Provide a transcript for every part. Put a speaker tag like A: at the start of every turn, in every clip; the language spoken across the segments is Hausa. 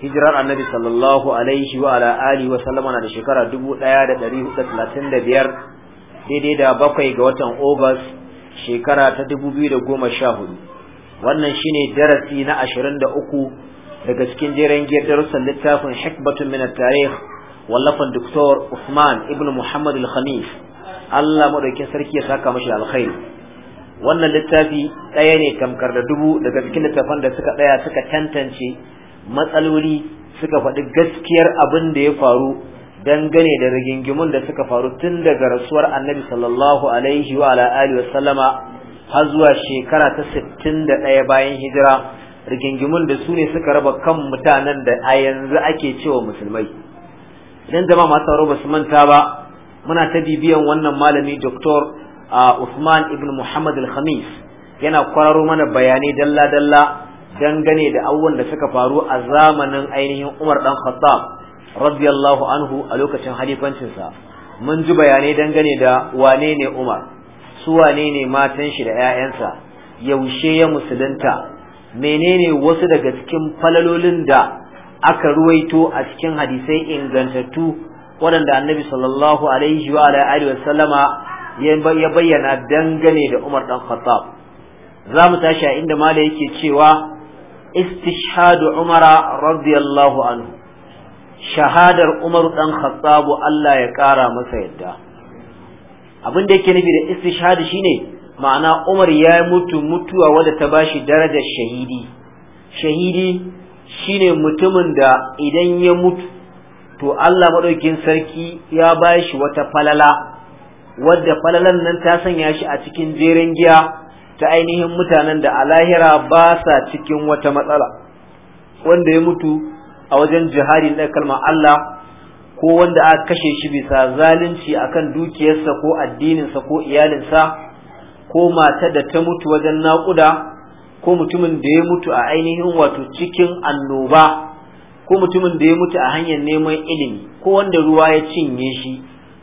A: hijirar annabi sallallahu alaihi wa ala wa sallama na da shekara 1435 daidai da bakwai ga watan August shekara ta 2014 wannan shine darasi na 23 daga cikin jeren giyar darussan littafin hikbatun min at-tarikh wallafan Dr. Usman ibn Muhammad al-Khamis Allah madaukakin sarki ya saka mashi alkhairi wannan littafi ɗaya ne tamkar da dubu daga cikin littafan da suka ɗaya suka tantance matsaloli suka faɗi gaskiyar abin da ya faru dangane da rigingimun da suka faru tun daga rasuwar annabi sallallahu alaihi wa ala alihi wa sallama har zuwa shekara ta 61 bayan hijira rigingimun da su ne suka raba kan mutanen da a yanzu ake cewa musulmai idan jama'a masu sauraro ba su manta ba muna ta bibiyan wannan malami doktor Usman ibn Muhammad al-Khamis yana kwararo mana bayanai dalla-dalla dangane da abubuwan da suka faru a zamanin ainihin Umar dan Khattab radiyallahu anhu a lokacin halifancinsa mun ji bayanai dangane da wane ne Umar su wane ne matan shi da 'ya'yansa yaushe ya musulunta menene wasu daga cikin falalolin da aka ruwaito a cikin hadisai ingantattu waɗanda annabi sallallahu alaihi wa alihi wa sallama ya bayyana dangane da Umar dan Khattab za mu tashi a inda mala yake cewa istishhadu umara radiyallahu anhu shahadar umar dan khattabu Allah ya kara masa yadda abin da yake nufi da istishhadu shine ma'ana umar ya mutu mutuwa wadda ta bashi darajar shahidi shahidi shine mutumin da idan ya mutu to Allah madaukin sarki ya bashi wata falala wadda falalan nan ta sanya shi a cikin jeren giya ta ainihin mutanen da a lahira ba sa cikin wata matsala wanda ya mutu a wajen jihari na kalmar Allah ko wanda aka kashe shi bisa zalunci akan dukiyarsa ko addininsa ko iyalinsa ko mata da ta mutu wajen naƙuda ko mutumin da ya mutu a ainihin wato cikin annoba ko mutumin da ya mutu a hanyar neman ilimi ko wanda ruwa ya cinye shi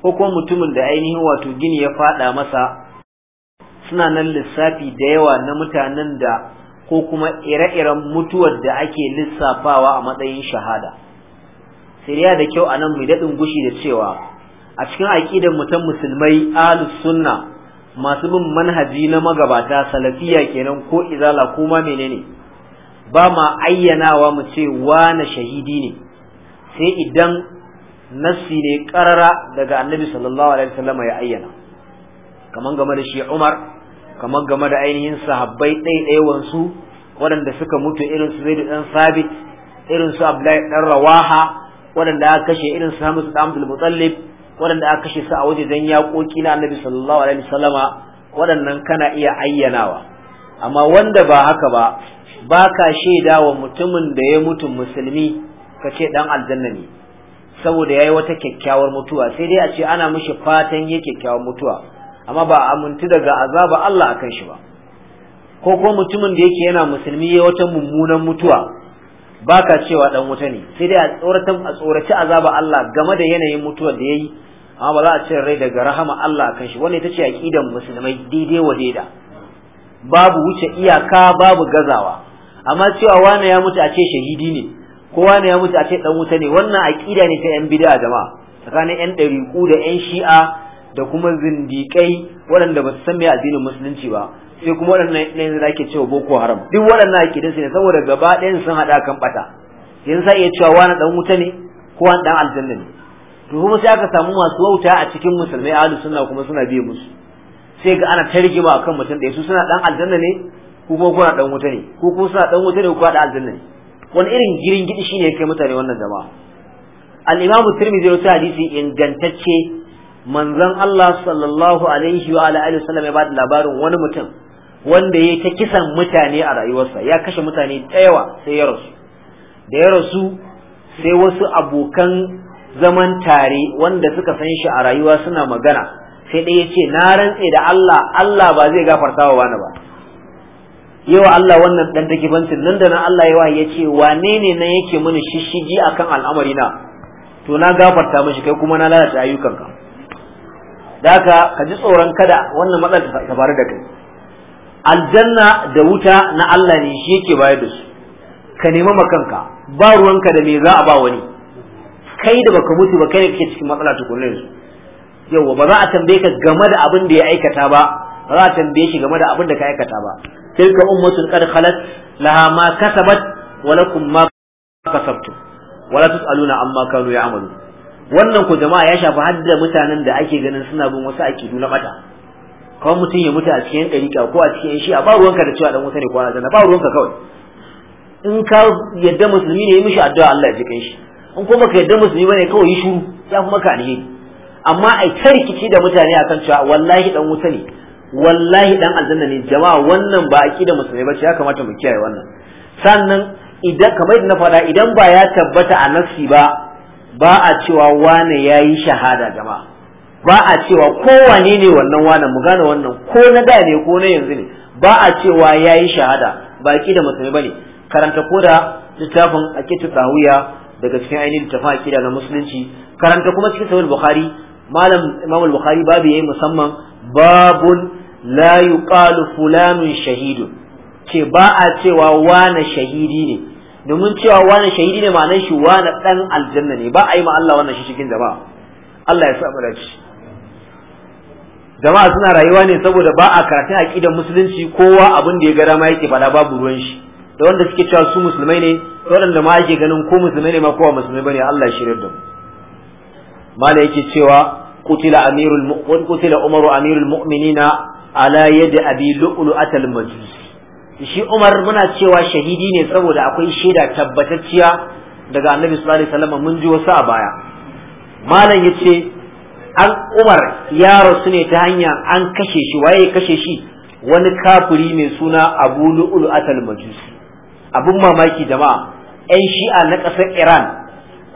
A: ko kuma mutumin da ainihin wato gini ya faɗa masa suna nan lissafi da yawa na mutanen da ko kuma ire-iren mutuwar da ake lissafawa a matsayin shahada siriya da kyau a nan mai daɗin gushi da cewa a cikin aƙidar mutan musulmai ahlus sunna masu bin manhaji na magabata salafiya kenan ko izala ko ma menene ba ma ayyanawa mu ce wane shahidi ne sai idan nassi ne ƙarara daga annabi sallallahu alaihi wasallam ya ayyana kaman game da shi Umar kamar game da ainihin sahabbai ɗaiɗaiwan su waɗanda suka mutu irin su zaidu ɗan sabit irin su abdullahi ɗan rawaha waɗanda aka kashe irin su hamisu ɗan abdul waɗanda aka kashe su a waje dan yaƙoƙi na annabi sallallahu alaihi wasallama waɗannan kana iya ayyanawa amma wanda ba haka ba ba ka shaida wa mutumin da ya mutu musulmi kace ce ɗan aljanna ne saboda ya yi wata kyakkyawar mutuwa sai dai a ce ana mishi fatan yi kyakkyawar mutuwa amma ba a amintu daga azaba Allah akan shi ba ko ko mutumin da yake yana musulmi ya wata mummunan mutuwa baka cewa dan wuta ne sai dai a tsoratan a tsoraci azaba Allah game da yanayin mutuwar da yayi amma ba za a cire rai daga rahama Allah akan shi wannan ita ce aqidan musulmai daidai wa daida babu wuce iyaka babu gazawa amma cewa wani ya mutu a ce shahidi ne ko wani ya mutu a ce dan wuta ne wannan aqida ne ta yan bid'a jama'a tsakanin yan dariku da yan shi'a da kuma zindikai waɗanda ba su san mai addinin musulunci ba sai kuma waɗannan na yanzu da ake cewa boko haram duk waɗannan ake dinsu ne saboda gaba ɗayan sun haɗa kan ɓata yanzu sa iya cewa wani ɗan wuta ne ko wani ɗan aljanna ne to kuma sai aka samu masu wauta a cikin musulmai halin suna kuma suna biye musu sai ga ana ta rigima akan mutum ɗaya su suna ɗan aljanna ne ko kuma kuna ɗan wuta ne ko kuma suna ɗan wuta ne ko kuma ɗan aljanna ne wani irin girin gidi shine ya kai mutane wannan jama'a al-imamu tirmidhi ya hadisi ingantacce manzon Allah sallallahu alaihi wa alihi sallam ya bada labarin wani mutum wanda ya ta kisan mutane a rayuwarsa ya kashe mutane da sai ya rasu da ya rasu sai wasu abokan zaman tare wanda suka san shi a rayuwa suna magana sai ɗaya ce na rantse da Allah Allah ba zai gafarta wa wani ba yawa Allah wannan dan bantin nan da nan Allah yawa ya ce wane ne nan yake mini shishigi akan al'amarina? to na gafarta mashi kai kuma na lalata ayyukan ka. daka ka ji tsoron kada wannan matsalar ta faru da kai aljanna da wuta na Allah ne shi yake bayar da su ka nemi makanka ba ruwanka da me za a ba wani kai da baka mutu ba kai ne kake cikin matsala tukunna yanzu yauwa ba za a tambaye ka game da abin da ya aikata ba ba za a tambaye shi game da abin da ka aikata ba tilka ummatun qad khalat laha ma kasabat wa lakum ma kasabtum wa la tusaluna amma kanu ya'malun wannan ko jama'a ya shafi hadda mutanen da ake ganin suna bin wasu kidu na mata kawai mutum ya mutu a cikin ɗariƙa ko a cikin a ba ruwanka da cewa dan wuta ne kwana ana ba ruwanka kawai in ka yadda musulmi ne ya mishi addu'a Allah ya ji kai shi in kuma ka yadda musulmi bane kawai yi shuru ya kuma ka alheri amma a ta rikici da mutane akan cewa wallahi dan wuta ne wallahi dan aljanna ne jama'a wannan ba a da musulmi ba ce ya kamata mu kiyaye wannan sannan idan kamar yadda na faɗa idan ba ya tabbata a nafsi ba ba a cewa wane ya yi shahada gaba? ba a cewa kowane ne wannan wane mu gane wannan ko na da ne ko na yanzu ne ba a cewa ya yi shahada ba da musulmi ba ne karanta ko da littafin akitu tawiya daga cikin ainihin littafin kira na musulunci karanta kuma cikin sahih bukhari malam imam bukhari babu yayi musamman babun la yuqalu fulanun shahidun ce ba a cewa wane shahidi ne domin cewa wani shahidi ne ma'anar shi wani dan aljanna ne ba a yi ma Allah wannan shi cikin jama'a Allah ya sa da dace jama'a suna rayuwa ne saboda ba a karatun aqidar musulunci kowa abin da ya ga ma yake faɗa babu ruwan shi da wanda suke cewa su musulmai ne da waɗanda ma ake ganin ko musulmai ne ma kowa musulmai bane Allah ya shirya da mu mala yake cewa Kutila amirul amirul mu'minina ala yadi abi atal majlis shi Umar muna cewa shahidi ne saboda akwai shaida tabbatacciya daga Annabi sallallahu alaihi wasallam mun ji wasu a baya malam yace an Umar ya rasu ne ta hanya an kashe shi waye kashe shi wani kafuri mai suna Abu Lu'ul Atal Majusi abun mamaki jama'a yan shi'a na ƙasar Iran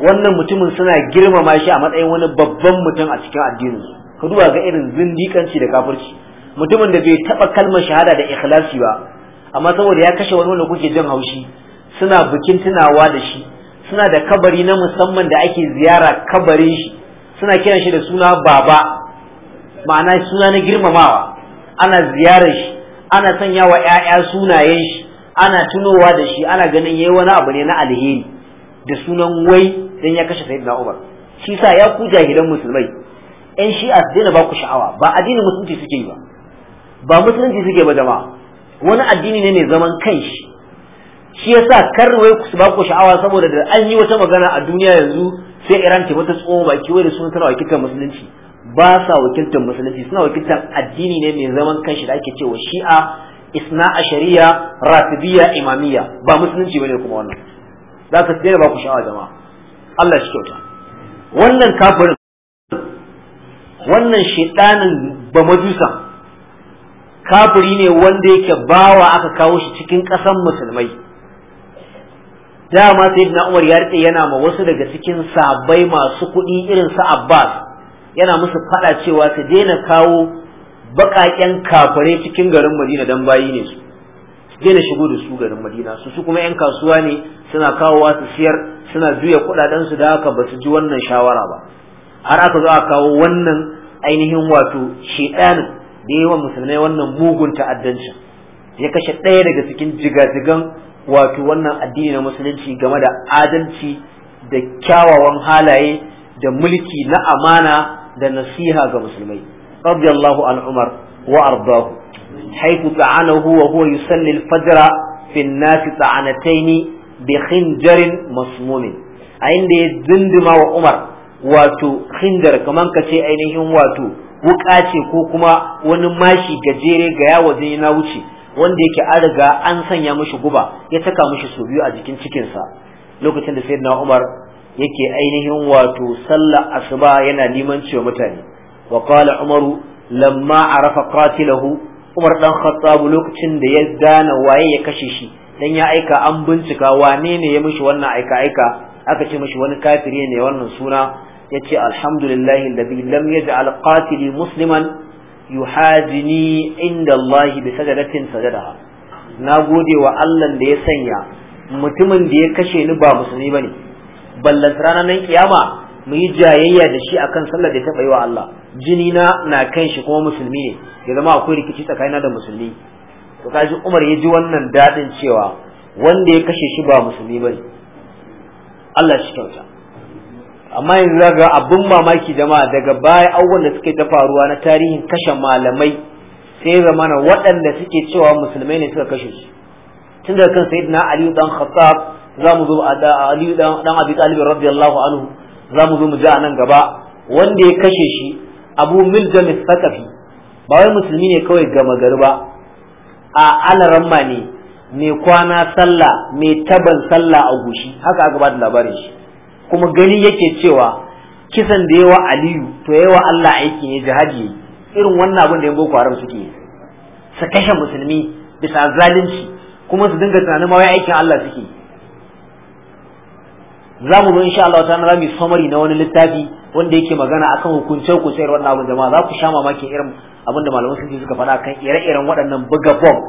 A: wannan mutumin suna girmama shi a matsayin wani babban mutum a cikin addinin ka duba ga irin zindikanci da kafirci mutumin da bai taɓa kalmar shahada da ikhlasi ba amma saboda ya kashe wani wanda kuke jin haushi suna bikin tunawa da shi suna da kabari na musamman da ake ziyara kabarin shi suna kiran shi da suna baba ma'ana suna na girmamawa ana ziyarar shi ana sanya wa 'ya'ya sunayen shi ana tunowa da shi ana ganin yayi wani abu ne na alheri da sunan wai dan ya kashe sayyidina Umar shi sa ya ku jahilan musulmai yan shi'a su daina ba ku sha'awa ba addinin musulunci suke yi ba ba musulunci suke ba jama'a wani addini ne mai zaman kanshi shi yasa kar wai ku ba ku sha'awa saboda da an yi wata magana a duniya yanzu sai Iran ta wata tsohon baki wai da sun tana wakiltar musulunci ba sa wakiltar musulunci suna wakiltar addini ne mai zaman kanshi da ake cewa Shi'a isna a shari'a rafidiyya imamiyya ba musulunci bane kuma wannan za ka tsere ba ku sha'awa jama'a Allah shi kyauta wannan kafirin wannan shaitanin ba majusa kafiri ne wanda yake bawa aka kawo shi cikin ƙasan musulmai dama sai na umar ya rike yana ma wasu daga cikin sabai masu kuɗi irin su abbas yana musu faɗa cewa su daina kawo baƙaƙen kafirai cikin garin madina don bayi ne su daina shigo da su garin madina su su kuma 'yan kasuwa ne suna kawowa su siyar suna juya kuɗaɗen su da haka ba su ji wannan shawara ba har aka zo a kawo wannan ainihin wato shedanin da yawan musulmai wannan mugun ta'addancin ya kashe ɗaya daga cikin jigajigan wato wannan addini na musulunci game da adalci da kyawawan halaye da mulki na amana da nasiha ga musulmai radiyallahu an umar wa ardahu haiku ta'anahu wa huwa yusalli al-fajr fi an-nas ta'anatayn bi khinjarin masmumin a inda ya dindima wa umar wato khinjar kaman kace ainihin wato wuka ce ko kuma wani mashi gajere ga yawo zai na wuce wanda yake an riga an sanya mashi guba ya taka mashi sau biyu a jikin cikinsa lokacin da sayyidina Umar yake ainihin wato Sallah asuba yana neman cewa mutane wa qala Umaru lamma arafa katilahu. Umar dan Khattab lokacin da ya gane waye ya kashe shi dan ya aika an bincika wane ne ya mishi wannan aika aika aka ce mishi wani kafiri ne wannan suna yace alhamdulillahi alladhi lam yaj'al qatili musliman yuhajini inda Allah bi sajadatin sajadaha na gode wa Allah da ya sanya mutumin da ya kashe ni ba musulmi bane ballan ranar nan kiyama mu yi jayayya da shi akan sallar da ta bayi wa Allah jini na na kan shi kuma musulmi ne ya zama akwai rikici tsakanina da musulmi to kaji Umar ya ji wannan dadin cewa wanda ya kashe shi ba musulmi bane Allah shi kyauta amma yanzu za ga abin mamaki jama'a daga baya abubuwan da suke ta faruwa na tarihin kashe malamai sai zamana waɗanda suke cewa musulmai ne suka kashe su tun daga kan sayyidina aliyu dan khattab za mu zo a ali dan abi talib radiyallahu anhu za mu zo mu ji a nan gaba wanda ya kashe shi abu miljam sakafi ba wai musulmi ne kawai gama gari ba a alaramma ne mai kwana sallah mai taban sallah a gushi haka aka ba da labarin shi kuma gani yake cewa kisan da yawa aliyu to yawa Allah aiki ne jihadi irin wannan abin da yan boko haram suke su kashe musulmi bisa zalunci kuma su dinga tunanin ma wai aikin Allah suke za mu zo insha Allah ta'ala mu summary na wani littafi wanda yake magana akan hukunce sai wannan abin jama'a za ku sha mamakin irin abin da malaman suke suka faɗa kan ire-iren waɗannan buga bomb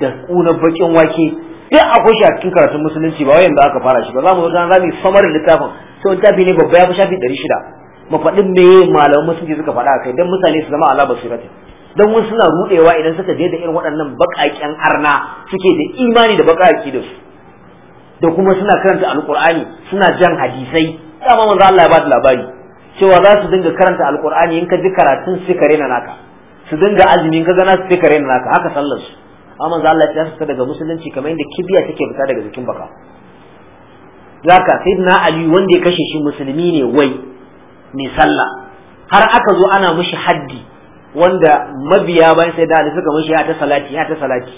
A: da kuna bakin wake duk akwai shi a cikin karatun musulunci ba da aka fara shi ba za mu ga za mu da littafin sai littafi ne babba ya fi shafi ɗari shida mu faɗi me malaman musulunci suka faɗa a kai don mutane su zama su rata dan wasu suna rudewa idan suka je da irin waɗannan baƙaƙen arna suke da imani da baƙaƙi da su da kuma suna karanta alƙur'ani suna jan hadisai dama manzo Allah ya ba labari cewa za su dinga karanta alƙur'ani in ka ji karatun su ka rena naka su dinga azumi in ka ga su sikare ka naka haka sallar su amma za Allah ya fita daga musulunci kamar yadda kibiya take fita daga jikin baka zaka na ali wanda ya kashe shi musulmi ne wai mai sallah har aka zo ana mishi haddi wanda mabiya bayan sai da ali suka mishi ya ta salati ya ta salati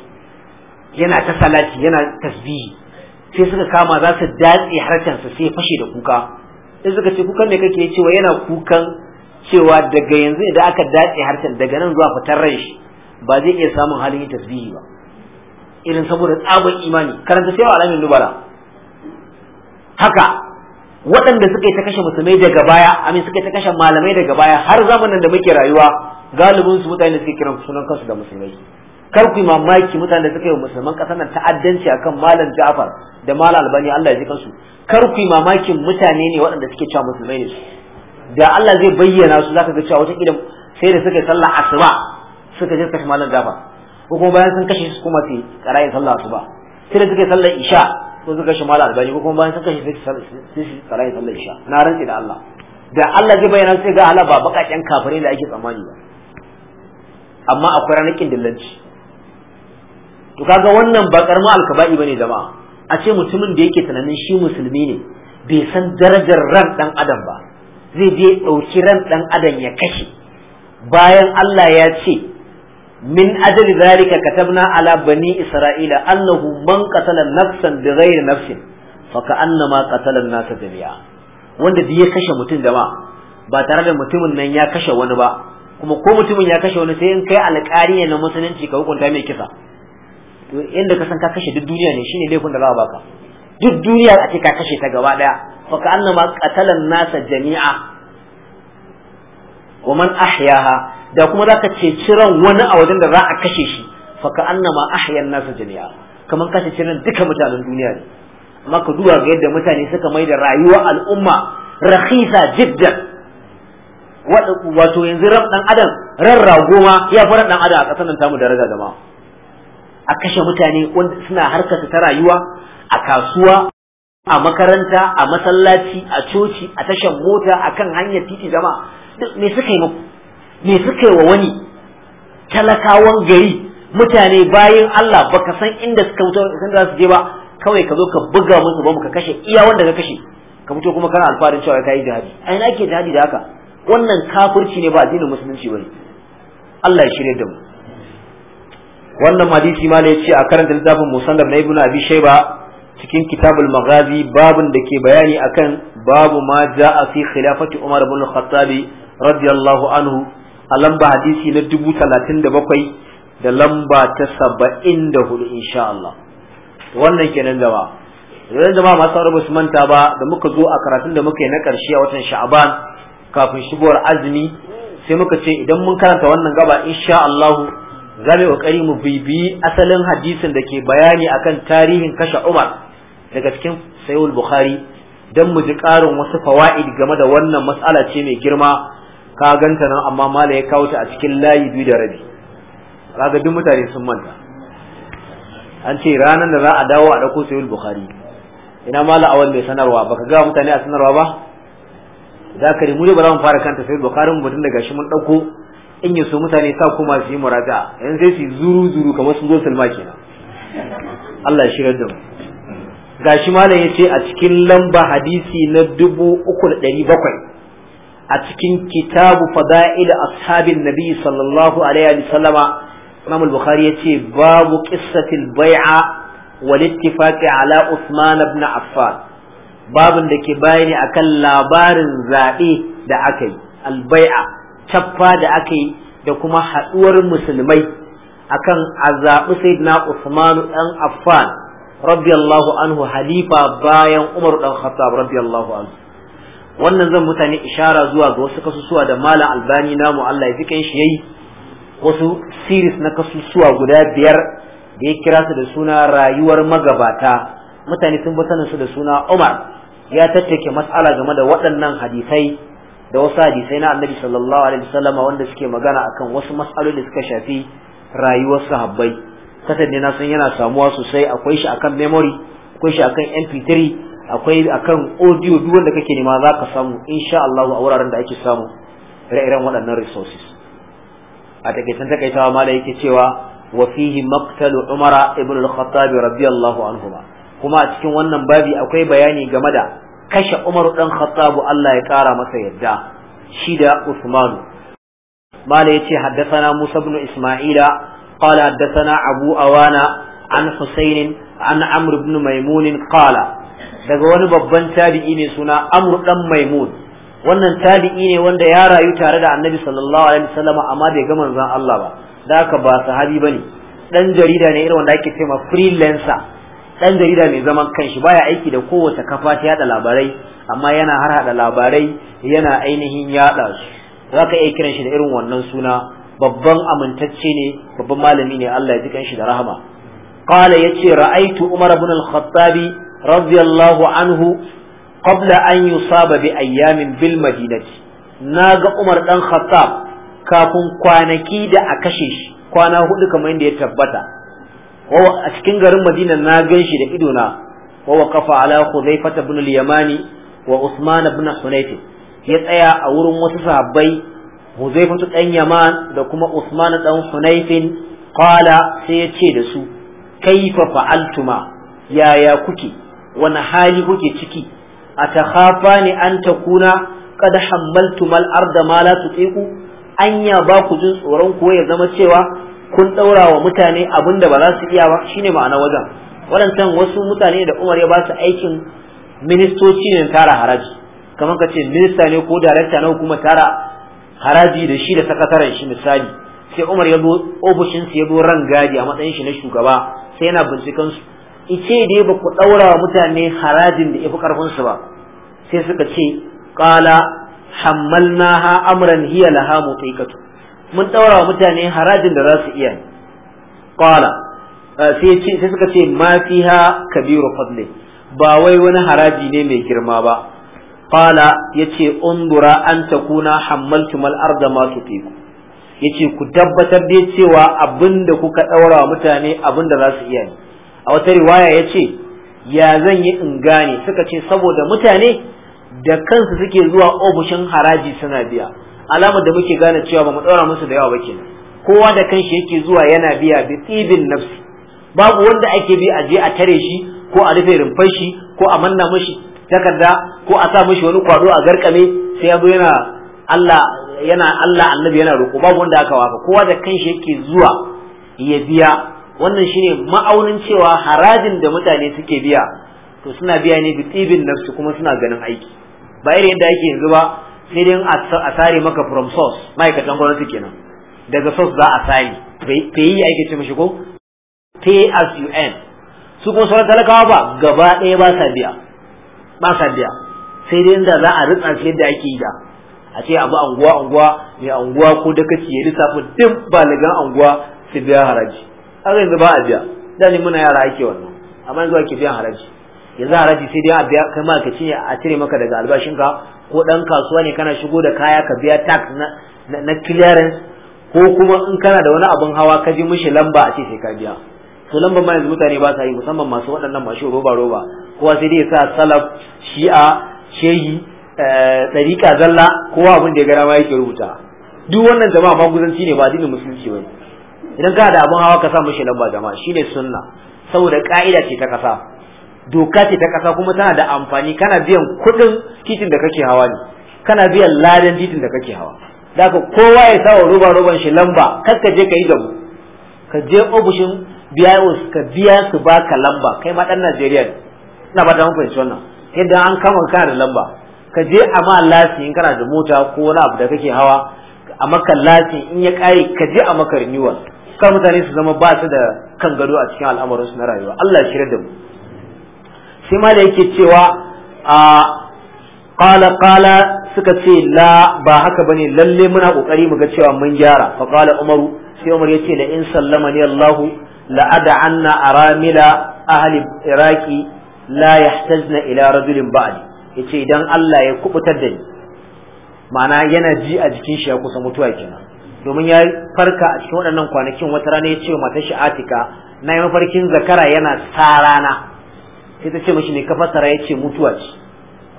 A: yana ta salati yana tasbihi sai suka kama za su datse su sai fashe da kuka in suka ce kukan ne kake cewa yana kukan cewa daga yanzu idan aka datse harshen daga nan zuwa fitar ran shi ba zai iya samun halin yin tasbihi ba irin saboda tsabon imani karanta sai alamin nubala haka waɗanda suka yi ta kashe musulmai daga baya amin suka yi ta kashe malamai daga baya har zamanin da muke rayuwa galibin su mutane suke kiran sunan kansu da musulmai kar ku mamaki mutane da suka yi musulman ƙasar nan ta'addanci akan malam Ja'far da malam Albani Allah ya ji kansu kar ku mamakin mutane ne waɗanda suke cewa musulmai ne su da Allah zai bayyana su zaka ga cewa wata sai da suka yi sallah asuba suka je kashe malam gafa ko kuma bayan sun kashe su kuma su karayin sallah su ba? sai da suka sallar isha ko suka kashe malam albani ko kuma bayan sun kashe sai su karayin sallar isha na rantsi da Allah da Allah zai bayyana sai ga halaba bakakken kafirai da ake tsammani ba amma akwai ranakin dillanci to kaga wannan ba karma alkaba'i bane jama'a a ce mutumin da yake tunanin shi musulmi ne bai san darajar ran dan adam ba zai je ɗauki ran dan adam ya kashe bayan Allah ya ce min ajali zalika katabna ala bani isra'ila annahu man qatala nafsan bighairi nafsin fa annama qatala an-nasa jami'a wanda da ya kashe mutum jama'a ba tare da mutumin nan ya kashe wani ba kuma ko mutumin ya kashe wani sai in kai alƙari ne na musulunci ka hukunta mai kisa to inda ka san ka kashe duk duniya ne shine laifin da za a baka duk duniya a ce ka kashe ta gaba daya fa ka annama qatalan nasa jami'a wa man ahyaha da kuma za ka ceci ran wani a wajen da za a kashe shi fa ka ma ahyan nasa jami'a kamar kashe ran duka mutanen duniya ne amma ka duba ga yadda mutane suka mai da rayuwa al'umma rakhisa jiddan wato yanzu ran dan adam ran ragoma ya fara ɗan dan adam a ƙasar nan tamu daraja ma a kashe mutane wanda suna harkar ta rayuwa a kasuwa a makaranta a masallaci a coci a tashan mota akan hanyar titi jama'a me suka yi me suka yi wa wani talakawan gari mutane bayan Allah baka san inda suka mutu san za su je ba kawai ka zo ka buga musu ba ka kashe iya wanda ka kashe ka mutu kuma kana alfarin cewa kai jihadi a ina ke jihadi da haka wannan kafirci ne ba addinin musulunci bane Allah ya shirye da mu wannan hadisi ma ne ce a karanta littafin Musa, na ibnu abi shayba cikin kitabul maghazi babun da ke bayani akan babu ma ja'a fi khilafati umar ibn al-khattabi radiyallahu anhu a lamba hadisi na dubu talatin da bakwai da lamba ta saba'in da hudu insha Allah wannan kenan jama'a idan jama'a masu aure ba su manta ba da muka zo a karatun da muka yi na karshe a watan sha'aban kafin shigowar azumi sai muka ce idan mun karanta wannan gaba insha Allah za mu kokari mu bibiyi asalin hadisin da ke bayani akan tarihin kashe Umar daga cikin Sahih Bukhari dan mu ji karin wasu fawaid game da wannan mas'ala ce mai girma ka ganta nan amma mala ya kawo ta a cikin layi biyu da rabi kaga duk mutane sun manta an ce ranar da za a dawo a dauko sayul bukhari ina mala awal mai sanarwa baka ga mutane a sanarwa ba za ka mu ne ba za mu fara kanta sayul bukhari mu batun daga shi mun dauko in yi so mutane sa kuma su yi muraja yan sai su zuru zuru kamar sun zo sulma kenan Allah ya shirar da mu gashi mala ya ce a cikin lamba hadisi na dubu uku da dari bakwai a cikin kitabu fada'il ashabin nabi sallallahu alaihi wa sallama imam al-bukhari yace babu qissatil bai'a wal ittifaqi ala usman ibn affan babun da ke bayani akan labarin zaɓe da aka yi da aka yi da kuma haɗuwar musulmai akan azabi sayyidina usman ɗan affan radiyallahu anhu halifa bayan umar dan khattab radiyallahu anhu wannan zan mutane ishara zuwa ga wasu kasusuwa da mala albani namu Allah ya fi shi yayi wasu series na kasusuwa guda biyar da ya kira su da suna rayuwar magabata mutane sun sanin su da suna Umar ya tattake mas'ala game da waɗannan hadisai da wasu hadisai na Annabi sallallahu alaihi wasallam wanda suke magana akan wasu mas'aloli da suka shafi rayuwar sahabbai kasar na sun yana samuwa sosai akwai shi akan memory akwai shi akan mp3 akwai akan audio duk wanda kake nema za ka samu insha Allah a wuraren da ake samu ire-iren waɗannan resources a takaitan takaitawa mala yake cewa wa fihi maqtalu umara ibn al-khattab radiyallahu anhuma kuma a cikin wannan babi akwai bayani game da kashe umar dan khattab Allah ya kara masa yadda shi da usman ya ce haddathana musa ibn isma'ila qala haddathana abu awana an husayn an amr ibn maimun qala daga wani babban tabi'i ne suna amr dan maimun wannan tabi'i ne wanda ya rayu tare da annabi sallallahu alaihi wasallam amma bai ga manzon Allah ba da haka ba sahabi bane dan jarida ne irin wanda ake cewa freelancer dan jarida mai zaman kanshi baya aiki da kowace kafa ta yada labarai amma yana har hada labarai yana ainihin yada su zaka iya kiran shi da irin wannan suna babban amintacce ne babban malami ne Allah ya ji kanshi da rahama qala yace ra'aitu umar ibn al radiyallahu anhu kabla an yusaba bi ayyamin bil na ga Umar ɗan Khattab kafin kwanaki da a kashe shi kwana hudu kamar yadda ya tabbata a cikin garin Madina na gan shi da idona wa waqafa ala Hudhayfa ibn yamani wa Usman ibn Hunayf ya tsaya a wurin wasu sahabbai Hudhayfa ɗan Yaman da kuma Usman Ɗan Hunayf qala sai ya ce da su kaifa fa'altuma yaya kuke wani hali kuke ciki a ta hafa ne an ta kuna kada mal, Arda ma la tuqiqu anya ba ku jin tsoron ko ya zama cewa kun daura wa mutane abin da ba za su iya ba shine ma'ana wajen waɗancan wasu mutane da Umar ya ba su aikin ministoci ne tara haraji kamar ka ce minista ne ko darakta na hukuma tara haraji da shi da sakataren shi misali sai Umar ya zo ofishin ya zo ran gadi a matsayin shi na shugaba sai yana binciken su ice dai ba ku ɗaura mutane harajin da ya fi ƙarfinsu ba sai suka ce ƙala hammalnaha amran hiya laha mutaikatu mun ɗaura mutane harajin da za su iya ƙala sai suka ce ma fiha kabiru fadli ba wai wani haraji ne mai girma ba ƙala yace undura an takuna hammaltumal arda ma tutiqu yace ku tabbatar dai cewa abinda kuka ɗaura mutane abinda za su iya ne a wata riwaya ya ce ya zan yi in gane suka ce saboda mutane da kansu suke zuwa ofishin haraji suna biya alamar da muke gane cewa ba mu ɗaura musu da yawa ba kenan kowa da kanshi yake zuwa yana biya bi tsibin nafsi babu wanda ake bi a je a tare shi ko a rufe rumfar shi ko a manna mishi takarda ko a sa mishi wani kwado a garkame sai ya yana Allah yana Allah annabi yana roƙo babu wanda aka waka kowa da kanshi yake zuwa ya biya wannan shine ma'aunin cewa harajin da mutane suke biya to suna biya ne bi tibin nafsu kuma suna ganin aiki ba irin yadda ake yanzu ba sai dai a sare maka from source ma'aikatan gwamnati kenan daga source za a sare ta yi aiki ce mashi ko pay as you earn su kuma sauran talakawa ba gaba ɗaya ba sa biya ba sa biya sai dai inda za a ritsa shi yadda ake yi da a ce abu anguwa anguwa mai anguwa ko dakaci ya lissafa duk baligan anguwa su biya haraji kaga yanzu ba a biya da ne muna yara ake wannan amma yanzu ake biyan haraji yanzu haraji sai dai a biya kai ma ka ne a cire maka daga albashin ka? ko dan kasuwa ne kana shigo da kaya ka biya tax na clearance ko kuma in kana da wani abin hawa ka ji mishi lamba a ce sai ka biya to lamban ma yanzu mutane ba sa yi musamman masu waɗannan masu roba roba kowa sai dai sa salaf shi'a shehi eh, ɗariƙa zalla kowa abin da ya gara ma yake rubuta duk wannan jama'a ma maguzanci ne ba addinin musulunci ba ne idan kana da abun hawa ka sa mishi lamba jama'a shine sunna saboda ka'ida ce ta kasa doka ce ta kasa kuma tana da amfani kana biyan kudin titin da kake hawa ne kana biyan ladan titin da kake hawa da kowa ya sa roba roban shi lamba kar ka je ka yi mu ka je ofishin BIOS ka biya su baka lamba kai ma dan Najeriya ne ina ba da mun fahimci wannan yadda an kama ka da lamba ka je a ma lasi in kana da mota ko wani abu da kake hawa a maka in ya kare ka je a maka renewal sa mutane su zama ba su da kan gado a cikin al'amuransu na rayuwa Allah shirya da mu sai ma da yake cewa a qala qala suka ce la ba haka bane lalle muna kokari mu ga cewa mun gyara fa qala umaru sai umar yace la in sallama ni Allahu la anna aramila ahli iraqi la yahtajna ila rajulin ba'di yace idan Allah ya kubutar da ni ma'ana yana ji a jikin shi ya kusa mutuwa kenan domin ya farka a cikin waɗannan kwanakin wata rana ya ce wa matar shi atika na yi mafarkin zakara yana sa rana sai ta ce mashi ne ka fassara ya ce mutuwa ce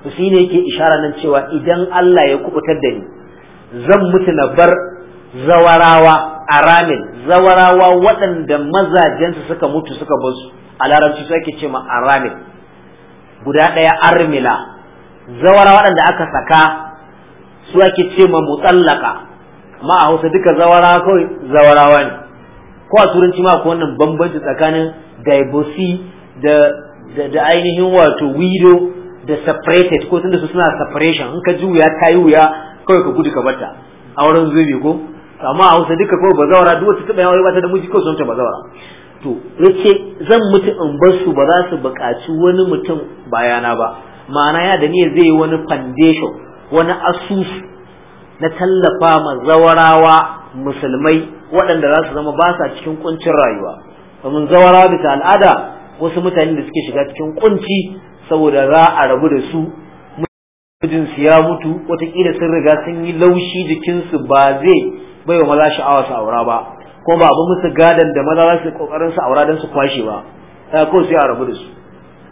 A: to shi ne yake ishara nan cewa idan Allah ya kubutar da ni zan mutu na bar zawarawa a ramin zawarawa waɗanda mazajensu suka mutu suka bar su a larabci su ake ce ma aramin guda ɗaya armila zawarawa waɗanda aka saka su ake ce ma mutsallaka ma a hausa duka zawara kawai zawarawa ne ko a turanci ma ko wannan bambanci tsakanin daibosi da da ainihin wato widow da separated ko tunda su suna separation in ka juya wuya ta yi wuya kawai ka gudu ka bata auren zubi ko amma a hausa duka kawai bazawara duk wata taɓa yawon ba ta da miji kawai sun ta bazawara to yace zan mutu in bar su ba za su buƙaci wani mutum bayana ba ma'ana ya da niyyar zai yi wani foundation wani asusu na tallafa ma zawarawa musulmai waɗanda za su zama ba sa cikin kuncin rayuwa domin zawarawa bisa al'ada wasu mutane da suke shiga cikin kunci saboda za a rabu da su mijinsu ya mutu watakila sun riga sun yi laushi jikinsu ba zai bai wa maza sha'awa su aura ba ko ba abu musu gadon da maza za su kokarin su aura don su kwashe ba ta kawai sai a rabu da su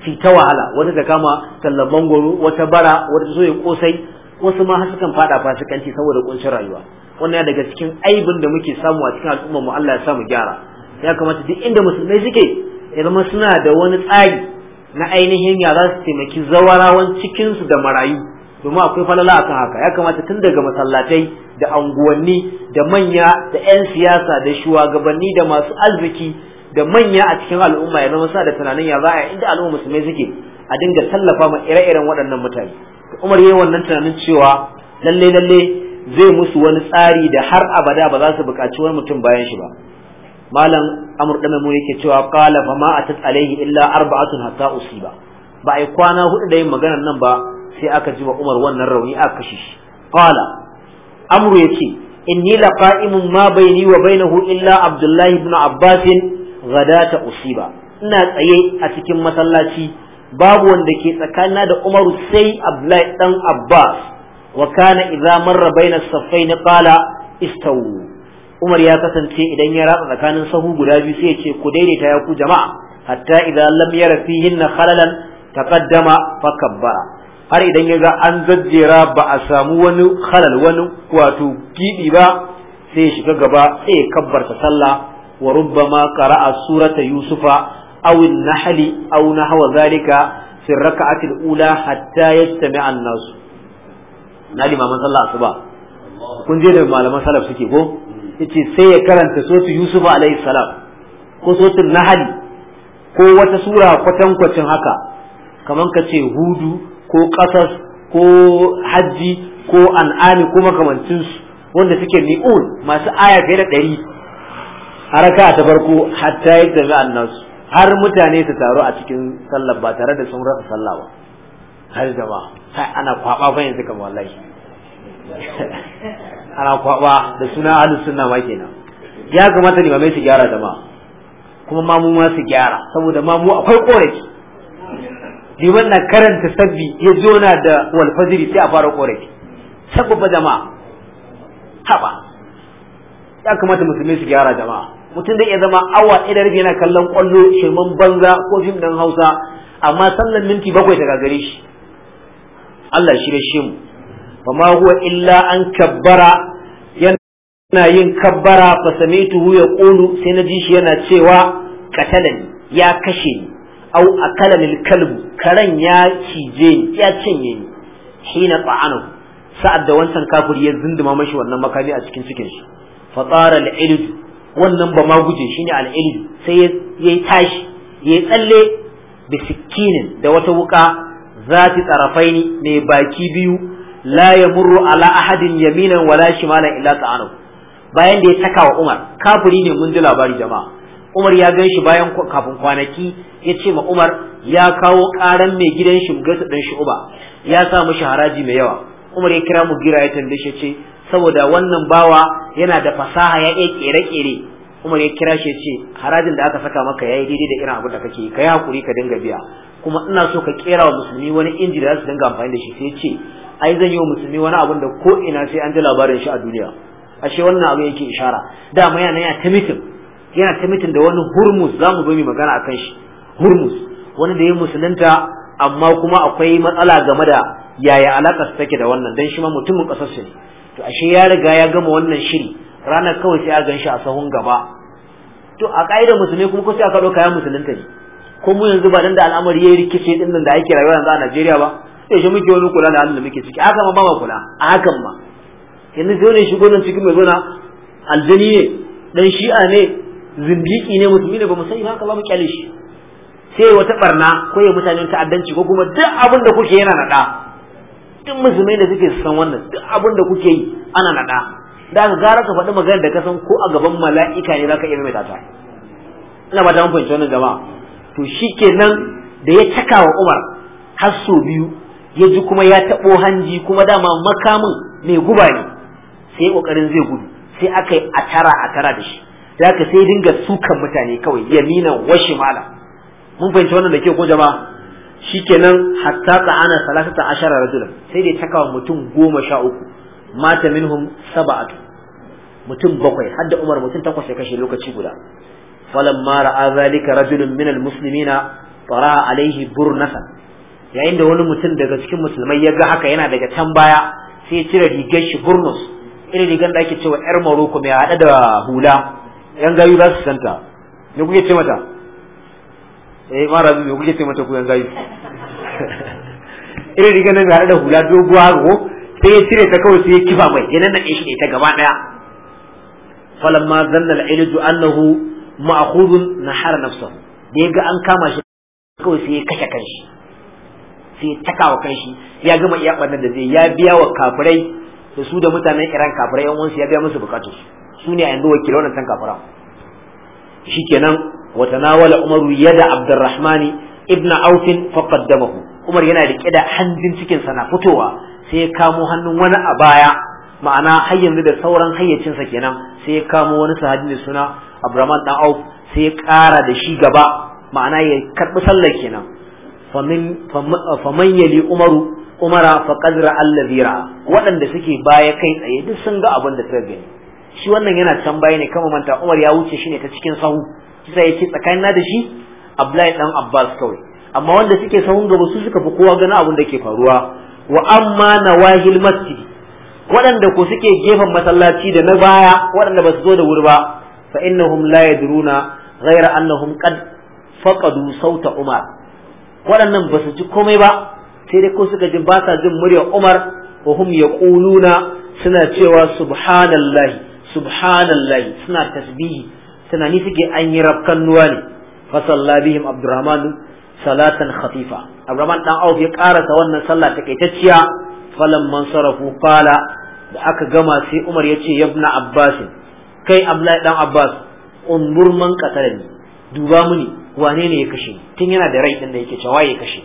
A: ci ta wahala wata ta kama tallan mangoro wata bara wata soya kosai wasu ma sukan fada fasikanci saboda kuncin rayuwa wannan daga cikin aibin da muke samu a cikin al'umma mu Allah ya samu gyara ya kamata duk inda musulmai suke ya zama suna da wani tsari na ainihin ya za su taimaki zawarawan cikinsu da marayu domin akwai falala akan haka ya kamata tun daga masallatai da anguwanni da manya da 'yan siyasa da shugabanni da masu arziki da manya a cikin al'umma ya zama sa da tunanin ya za a inda al'umma musulmai suke a dinga tallafa ma ire-iren waɗannan mutane Umar yayin wannan tunanin cewa lalle lalle zai musu wani tsari da har abada ba za su buƙaci wani mutum bayan shi ba malam amur dan mu yake cewa qala fa ma atat alaihi illa arba'atun hatta usiba ba ai kwana hudu da yin maganar nan ba sai aka ji wa Umar wannan rauni aka kashe shi qala amru yake inni qa'imun ma baini wa bainahu illa abdullahi ibn abbas ghadata usiba ina tsaye a cikin masallaci babu wanda ke tsakanina da Umaru sai Abdullahi dan Abbas wa kana idza marra baina saffain qala istawu Umar ya kasance idan ya ratsa tsakanin sahu guda biyu sai ya ce ku daidaita ya ku jama'a hatta idza lam yara na khalalan taqaddama fakabbara har idan ya ga an zajjera ba a samu wani khalal wani wato kidi ba sai ya shiga gaba sai ya kabbarta sallah wa rubbama qara'a surata yusufa أو النحل أو نحو ذلك في الركعة الأولى حتى يجتمع الناس نادي ما من صلى الصبح kun je da malaman salaf suke ko yace sai ya karanta sotu Yusuf alaihi salam ko sotu Nahl ko wata sura kwatankwacin haka كمان ka ce hudu ko كو ko hajji ko an'ami ko makamancin su wanda suke ni'un masu aya fiye da ɗari a raka ta farko hatta yadda ga annasu har mutane su taru a cikin sallar ba tare da sun rasa sallah ba har ba sai ana kwaba fa yanzu kamar wallahi ana kwaba da suna ahli sunna ma kenan ya kamata mai su gyara jama'a kuma ma mu ma su gyara saboda ma mu akwai korafi ni na karanta sabbi ya zo na da fajri sai a fara korafi sabbaba jama'a haba ya kamata musulmi su gyara jama'a mutum zai iya zama awa ɗaya da yana kallon kwallo shirman banza ko fim ɗin hausa amma sallan minti bakwai ta gagare shi Allah shi da shi mu fa ma huwa illa an kabbara yana yin kabbara fa sami'tuhu yaqulu sai na ji shi yana cewa katalani ya kashe ni au akala karen kalbu karan ya cije ni ya cinye ni hina ta'anahu sa'ad da wancan kafuri ya zindima mashi wannan makami a cikin cikin shi fa tsara wannan ba ma guje shine al'ilmi sai ya tashi ya tsalle sikinin da wata wuka tsarafai ne mai baki biyu la ya yamurru ala ahadin yaminan wala shimalan illa ta'anahu bayan da ya taka wa Umar kafiri ne mun ji labari jama'a Umar ya gan shi bayan kafin kwanaki ya ce ma Umar ya kawo karan mai gidan shi gasa dan shi uba ya sa mishi haraji mai yawa Umar ya kira mu gira ya tambaye shi ce saboda wannan bawa yana da fasaha ya iya kere-kere Umar ya kira shi ce harajin da aka saka maka ya yi daidai da irin abin da kake ka yi hakuri ka dinga biya kuma ina so ka kera wa musulmi wani inji da za su dinga amfani da shi sai ce ai zan yi wa musulmi wani abin da ko ina sai an ji labarin shi a duniya ashe wannan abu yake ishara dama yana yana ta mitin yana ta mitin da wani hurmus za mu zo mu magana akan shi hurmus wani da ya musulunta amma kuma akwai matsala game da yaya alaƙa su take da wannan dan shi ma mutumin ƙasar su ne to ashe ya riga ya gama wannan shiri ranar kawai sai a gan shi a sahun gaba to a ka'idar musulmi kuma ko sai aka ɗauka ya musulunta ne ko mu yanzu ba dan da al'amari ya rikice din nan da ake rayuwa yanzu a Najeriya ba sai shi muke wani kula da halin da muke ciki haka ma ba ma kula a hakan ma yanzu sai ne shigo nan cikin mai zona aljani ne dan shi'a ne zindiki ne musulmi ne ba mu sani haka ba mu kyale shi sai wata barna ko ya mutane ta'addanci ko kuma duk abin da kuke yana naɗa duk musulmai da suke san wannan duk abin da kuke yi ana nada da aka gara ka faɗi magana da ka san ko a gaban mala'ika ne zaka iya maimaita ta ina ba ta mun fahimci wannan jama'a to shikenan da ya caka wa Umar har so biyu ya ji kuma ya tabo hanji kuma dama makamin mai guba ne sai kokarin zai gudu sai aka yi atara atara da shi da sai dinga sukan mutane kawai yaminan washi mala mun fahimci wannan da ke ko jama'a shikenan hatta tsana salasata ashara rajulan sai dai takawa mutum goma sha uku mata minhum saba'atu mutum bakwai hadda Umar mutum takwas ya kashe lokaci guda falamma ra'a zalika rajulun min almuslimina tara alaihi burnasa yayin da wani mutum daga cikin musulmai ya ga haka yana daga can baya sai ya cire rigar shi burnus irin rigar da ake cewa yar maroko mai haɗe da hula yan gayu za su santa ne kuke ce mata eh mara zubi kuke te mata kuyan gayu irin rigar nan da hula doguwa go sai ya cire ta kawai sai ya kifa mai ya nan shi ne ta gaba daya falamma zanna al-ilju annahu ma'khudun nahar nafsuhu da ya ga an kama shi kawai sai ya kashe kanshi sai ya kanshi ya gama iya bannan da zai ya biya wa kafirai da su da mutanen iran kafirai yan uwansu ya biya musu bukatu su ne a yanzu wakilai wannan san kafirai shikenan wa nawala umaru yada abdurrahmani ibn aufin fa umar yana rike da hanjin cikin sa na fitowa sai ya kamo hannun wani a baya ma'ana har yanzu da sauran hayyacin sa kenan sai ya kamo wani sahabi mai suna abdurrahman dan auf sai ya kara da shi gaba ma'ana ya karbi sallar kenan faman yali umaru umara faqadra allazira allazi waɗanda suke baya kai tsaye duk sun ga abin da suka gani shi wannan yana can baya ne kama manta Umar ya wuce shi ne ta cikin sahu kisa ya tsakanin na da shi Abdullahi dan Abbas kawai amma wanda suke sahun gaba su suka fi kowa gani abin da ke faruwa wa amma nawahil masjid waɗanda ko suke gefen masallaci da na baya waɗanda ba su zo da wuri ba fa innahum la yadruna ghayra annahum qad faqadu sauta Umar waɗannan ba su ji komai ba sai dai ko suka ji ba sa jin murya Umar wa hum yaquluna suna cewa subhanallahi subhanallahi suna tasbihi tunani suke an yi rafkan nuwa ne fa bihim abdurrahman salatan khatifa abdurrahman dan auf ya karasa wannan sallah takaitacciya falan man sarafu qala da aka gama sai umar ya yace yabna abbas kai abdullahi dan abbas unbur man qatalani duba muni wane ne ya kashe tun yana da rai din da yake cewa ya kashe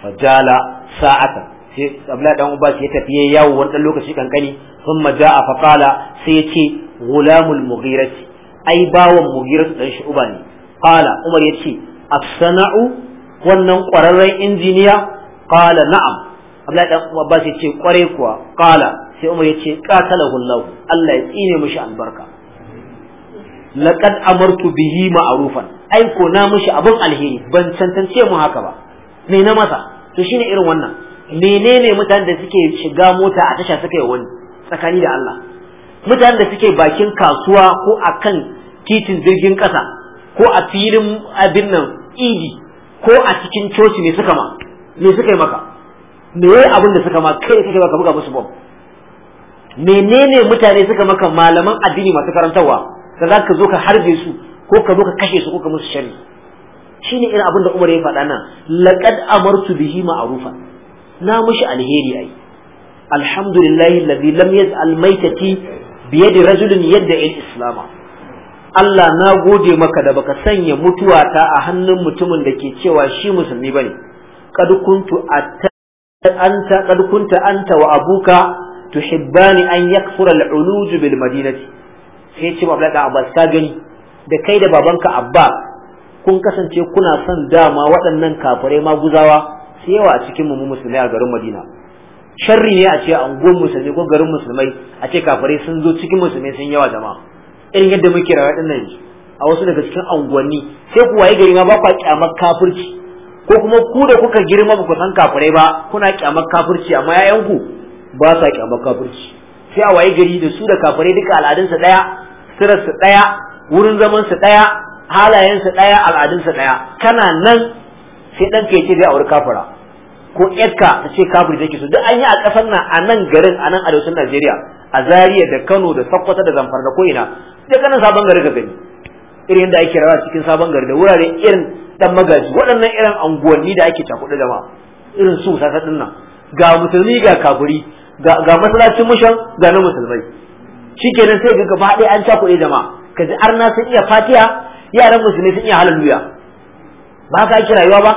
A: fajala sa'atan sai abdullahi dan uba ya tafi yayi yawo wani dan lokaci kankani thumma jaa fa qala sai ya ce gulamul mughirati ai bawan mughiratu dan uba ne qala umar yace as-sana'u wannan kwararren injiniya qala na'am abdullahi dan uba ya ce kware kuwa qala sai umar yace qatalahu Allah Allah ya tsine mishi albarka laqad amartu bihi ma'rufan ai ko na mishi abun alheri ban tantance mu haka ba me na masa to shine irin wannan menene mutanen da suke shiga mota a tasha suka yi wani tsakani da Allah mutanen da suke bakin kasuwa ko a kan titin jirgin ƙasa ko a filin abin nan idi ko a cikin coci ne suka ma me suka yi maka me yayi abin da suka ma kai kake baka buga musu bom menene mutane suka maka malaman addini masu karantarwa da za ka zo ka harbe su ko ka zo ka kashe su ko ka musu shari shine irin abin da Umar ya faɗa nan laqad amartu bihi ma'rufan na mushi alheri ai alhamdulillahi alladhi lam yaz'al maitati bi yadi rajulin yadda il islama Allah na gode maka da baka sanya mutuwa ta a hannun mutumin da ke cewa shi musulmi bane qad kuntu anta qad kunta anta wa abuka tuhibbani an yakfura al-uluj bil madinati sai ce mabla da abbas ka gani da kai da babanka abba kun kasance kuna son dama waɗannan kafirai maguzawa cewa a cikin mu musulmai a garin Madina sharri ne a ce gon musulmai ko garin musulmai a ce kafirai sun zo cikin musulmai sun yawa jama'a irin yadda muke rawa din nan a wasu daga cikin anguwanni sai ku waye gari ma ba ku kyamar kafirci ko kuma ku da kuka girma ba ku san kafirai ba kuna kyamar kafirci amma ku ba sa kyamar kafirci sai a waye gari da su da kafirai duka al'adunsa daya sirarsu daya wurin zamansu daya halayensu daya al'adunsa daya kana nan sai dan ka yace auri aure kafara ko yakka ta ce kafiri take so duk an yi a kasar nan a nan garin a nan arewacin Najeriya a Zaria da Kano da Sokoto da Zamfara da ko ina sai kana sabon gari ka gani irin da ake rawa cikin sabon gari da wurare irin dan magaji waɗannan irin anguwanni da ake da ma irin su sasa din nan ga musulmi ga kafiri ga masallacin mushan ga na musulmai shikenan sai ga gaba ɗaya an da jama'a kaji arna sun iya fatiha yaran musulmi sun iya halaluya ba ka ake rayuwa ba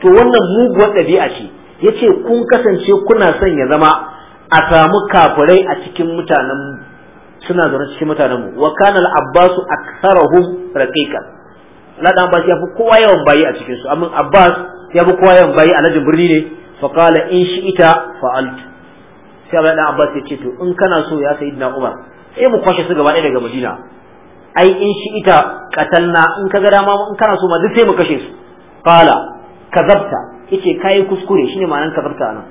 A: to wannan muguwar ɗabi'a ce ya ce kun kasance kuna son ya zama a samu kafirai a cikin mutanen suna zaune cikin mutanen mu wa kanal abbas aktharuhum raqiqan Allah dan Abbas ya fi kowa yawan bayi a cikin su amma Abbas ya fi kowa yawan bayi a lajin birni ne fa qala in shi'ita fa'altu sai Allah dan Abbas ya ce to in kana so ya sayyidina Umar sai mu kwashe su gaba ɗaya daga Madina ai in shi ita katalna in ka ga dama in kana so ma duk sai mu kashe su fala kazabta yace kai kuskure shine ma'anar kazabta anan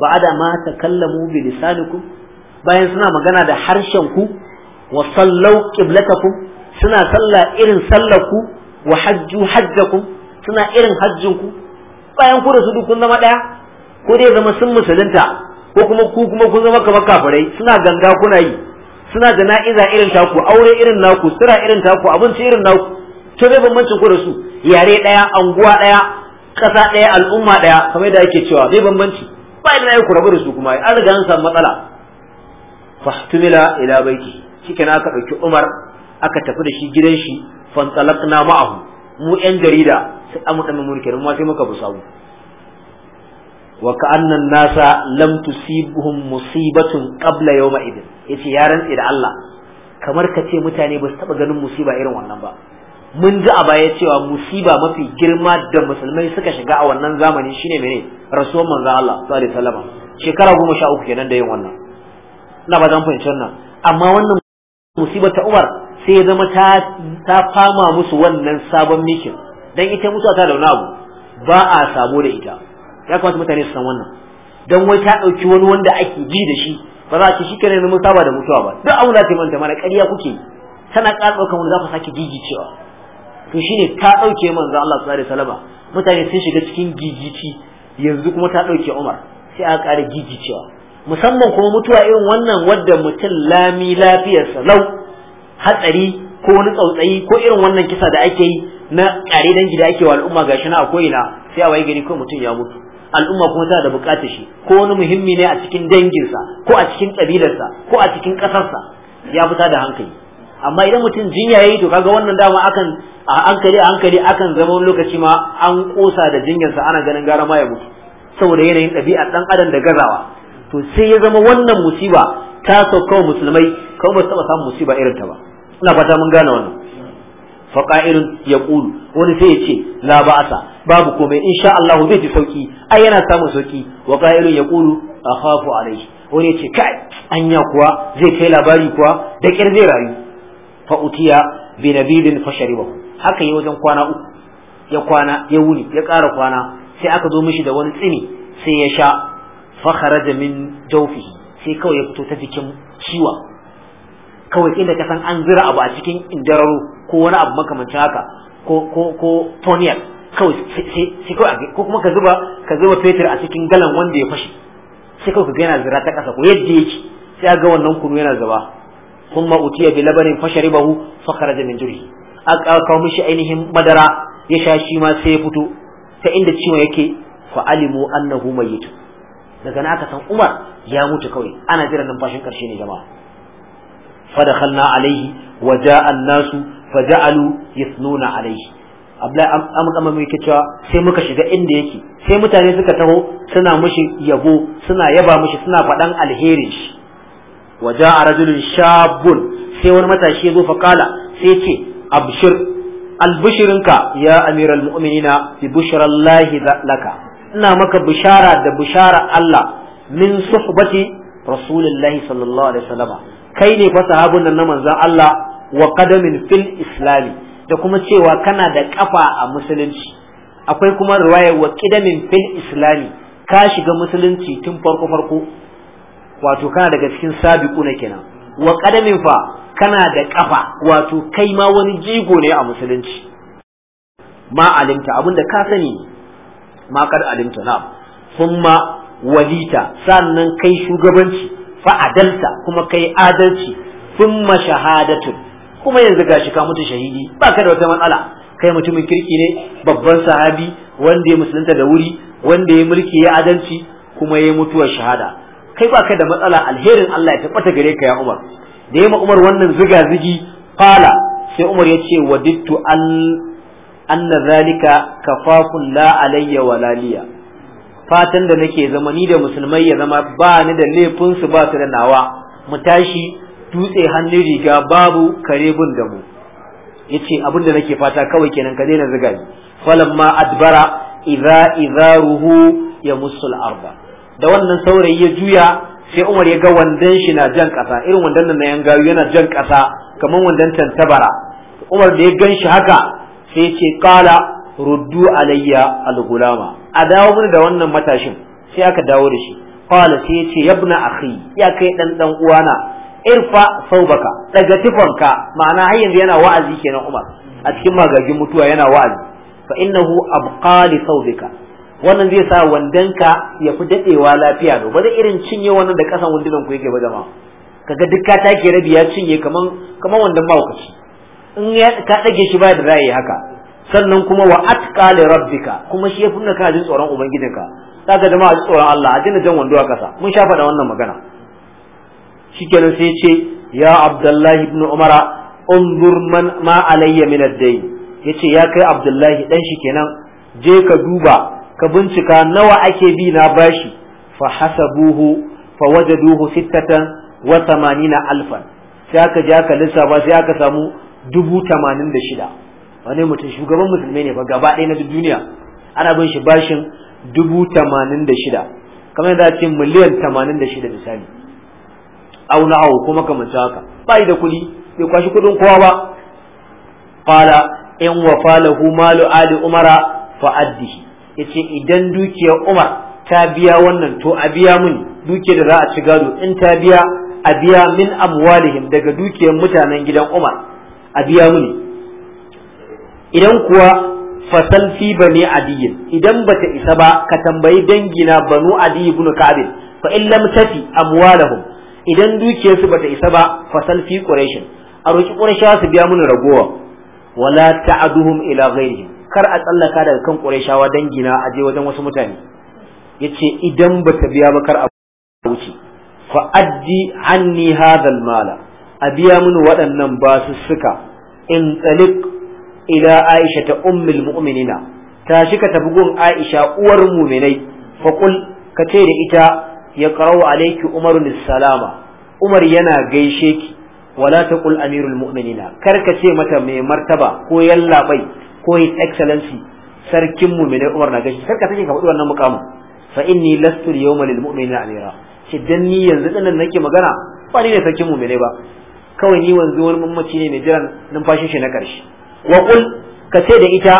A: ba'ada ma takallamu bi lisanikum bayan suna magana da harshen ku wa sallau qiblatakum suna sallah irin sallar ku wa hajju hajjakum suna irin hajjin ku bayan ku da su duk kun zama daya ko dai zama sun musulunta ko kuma ku kuma kun zama kamar kafirai suna ganga kuna yi suna jana'iza irin taku aure irin naku sira irin taku abinci irin naku to bai bambanci ku da su yare daya anguwa daya ƙasa daya al'umma daya kamar yadda ake cewa bai bambanci ba idan ku rabu da su kuma an riga an samu matsala fahtumila ila baiti shikenan aka dauki Umar aka tafi da shi gidan shi fantalaqna ma'ahu mu yan jarida sai amu dan mulkin mu sai muka busawu wa ka'anna nasa lam tusibuhum musibatun qabla yawma idin yace ya rantse da Allah kamar ka ce mutane ba su taba ganin musiba irin wannan ba mun ji a baya cewa musiba mafi girma da musulmai suka shiga a wannan zamani shine mene rasuwar manzo Allah sallallahu alaihi wasallam shekara goma sha uku kenan da yin wannan ina ba zan fahimci wannan amma wannan musibar ta Umar sai ya zama ta ta fama musu wannan sabon mikin dan ita mutuwa ta launa abu ba a sabo da ita ya kamata mutane su san wannan dan wai ta dauki wani wanda ake ji da shi ba za ki shi na mun saba da mutuwa ba duk abu da ke manta mana ƙarya kuke tana ka ɗaukan wani za ku sake gigicewa to shine ta ɗauke manzo Allah sallallahu alaihi mutane sun shiga cikin gigici yanzu kuma ta ɗauke Umar sai aka ƙara gigicewa musamman kuma mutuwa irin wannan wadda mutum lami lafiyarsa lau hatsari ko wani tsautsayi ko irin wannan kisa da ake yi na ƙare dangi da ake wa al'umma gashi na a ko'ina sai a waye gari ko mutum ya mutu al'umma kuma tana da bukatar shi ko wani muhimmi ne a cikin danginsa ko a cikin kabilarsa ko a cikin kasarsa ya fita da hankali amma idan mutum jinya yayi to kaga wannan dama akan a hankali a hankali akan zama wani lokaci ma an kosa da jinyarsa ana ganin gara ma ya mutu saboda yanayin ɗabi'a ɗan adam da gazawa to sai ya zama wannan musiba ta sauka musulmai kawai ba su taɓa samun musiba irin ta ba ina fata mun gane wannan wa ya yaqulu wani sai ya ce la ba'asa babu komai insha Allah zai ji sauki ai yana samun sauki wa a yaqulu akhafu alayhi wani ya ce kai anya kuwa zai kai labari kuwa da kyar zai rayu fa utiya bi nabidin fa sharibahu haka yi wajen kwana uku ya kwana ya wuni ya ƙara kwana sai aka zo mishi da wani tsini sai ya sha fa kharaja min jawfihi sai kawai ya fito ta jikin ciwa kawai inda ka san an zira abu a cikin indararo ko wani abu makamancin haka ko ko ko kawai sai kawai ko kuma ka zuba ka zuba fetur a cikin galan wanda ya fashe sai kawai ka ga yana zira ta ƙasa ko yadda yake sai ga wannan kunu yana zuba ثم أتي بلبن فشربه da من جره kawo mishi ainihin madara ya sha shi ma sai ya fito ta inda ciwon yake fa alimu annahu mayyit daga na aka san Umar ya mutu kawai ana jiran numfashin karshe ne jama'a فدخلنا عليه وجاء الناس فجعلوا يثنون عليه Abdullahi Amr Amr mai sai muka shiga inda yake sai mutane suka taho suna mishi yabo suna yaba mashi suna faɗan alherin shi waja a rajulun shabun sai wani matashi ya zo fa sai ce abshir albishirinka ya amiral mu'minina bi bushrallahi laka ina maka bishara da bishara Allah min suhbati rasulillahi sallallahu alaihi wasallama kai ne fa sahabun nan na manzon Allah wa qadamin fil islami da kuma cewa kana da kafa a musulunci akwai kuma riwaya wa qidamin fil islam ka shiga musulunci tun farko farko wato kana daga cikin ne kenan wa qadamin fa kana da kafa wato kai ma wani jigo ne a musulunci ma alimta abinda ka sani ma kad alimta na kuma walita sannan kai shugabanci fa'adalta kuma kai adalci thumma shahadatun kuma yanzu gashi ka mutu shahidi baka da wata matsala kai mutumin kirki ne babban sahabi wanda ya musulunta da wuri wanda ya mulki ya adalci kuma ya mutuwar shahada kai baka da matsala alherin Allah ya tabbata gare ka ya Umar da yamma Umar wannan ziga zigi fala sai Umar ya ce wadittu an anna zalika kafafun la alayya wa laliya fatan da nake zama ni da musulmai ya zama ba ni da laifin su ba su da nawa mu tashi dutse hannun riga babu kare gun da mu yace abin da nake fata kawai kenan ka daina zuga ni falamma adbara idza idharuhu ya musul arda da wannan saurayi ya juya sai Umar ya ga wandan shi na jan kasa irin wandan nan na yangayu yana jan kasa kamar wandan tantabara Umar da ya ganshi haka sai ya ce qala ruddu alayya al-gulama a dawo mana da wannan matashin sai aka dawo da shi qala sai ya ce yabna akhi ya kai dan dan uwana irfa saubaka daga tufanka ma'ana har yanzu yana wa'azi kenan Umar a cikin magagin mutuwa yana wa'azi fa innahu abqali saubaka wannan zai sa wandanka ya fi dadewa lafiya do ba da irin cinye wannan da kasan wandunan ku yake ba jama'a kaga duk ka take rabi ya cinye kaman kaman wandan mahaukaci in ka dage shi ba da ra'ayi haka sannan kuma wa atqa li rabbika kuma shi yafi naka jin tsoron ubangijinka kaga jama'a ji tsoron Allah a dinga jan wando a kasa mun sha faɗa wannan magana shikenan sai ce ya abdullahi ibn umara undur man ma alayya min ad-dayn yace ya kai abdullahi dan shi kenan je ka duba ka bincika nawa ake bi na bashi fa hasabuhu fa wajaduhu sittatan wa tamanina alfan sai aka je aka lissafa sai aka samu dubu tamanin da shida wani mutum shugaban musulmi ne fa gaba ɗaya na duniya ana bin shi bashin dubu tamanin da shida kamar yadda ce miliyan tamanin da shida misali au na au kuma kamar haka ba da kuɗi bai kwashi kuɗin kowa ba fala in fala hu malu ali umara fa addihi yace idan dukiyar umar ta biya wannan to a biya min dukiyar da za a ci gado in ta biya a biya min amwalihim daga dukiyar mutanen gidan umar a biya muni idan kuwa fasal fi bani adiyin idan bata isa ba ka tambayi dangina banu adiyi ibn kabil fa in lam tafi amwalahum idan dukiyarsu bata isa ba fasal fi quraishin a roki quraishawa su biya mun ragowa wala ta'aduhum ila ghairihim kar a tsallaka daga kan quraishawa dangina a je wajen wasu mutane yace idan bata biya ba kar a wuce fa addi anni hadha mala a biya mun waɗannan basu suka in tsalik ila aisha ta ummul mu'minina tashi ka tafi gun aisha uwar mu'minai fa qul ka ce da ita ya qara'u alayki umarun salama umar yana gaishe ki wala taqul amirul mu'minina kar ka ce mata mai martaba ko yallabai ko his excellency sarkin mu'minai umar na gaishe kar ka take ka faɗi wannan mukamin fa inni lastu yawma lil mu'minina amira shi dan ni yanzu dinnan nake magana ba ni ne sarkin mu'minai ba kawai ni wanzu wani mamaci ne mai jiran numfashin shi na ƙarshe wa qul ka ce da ita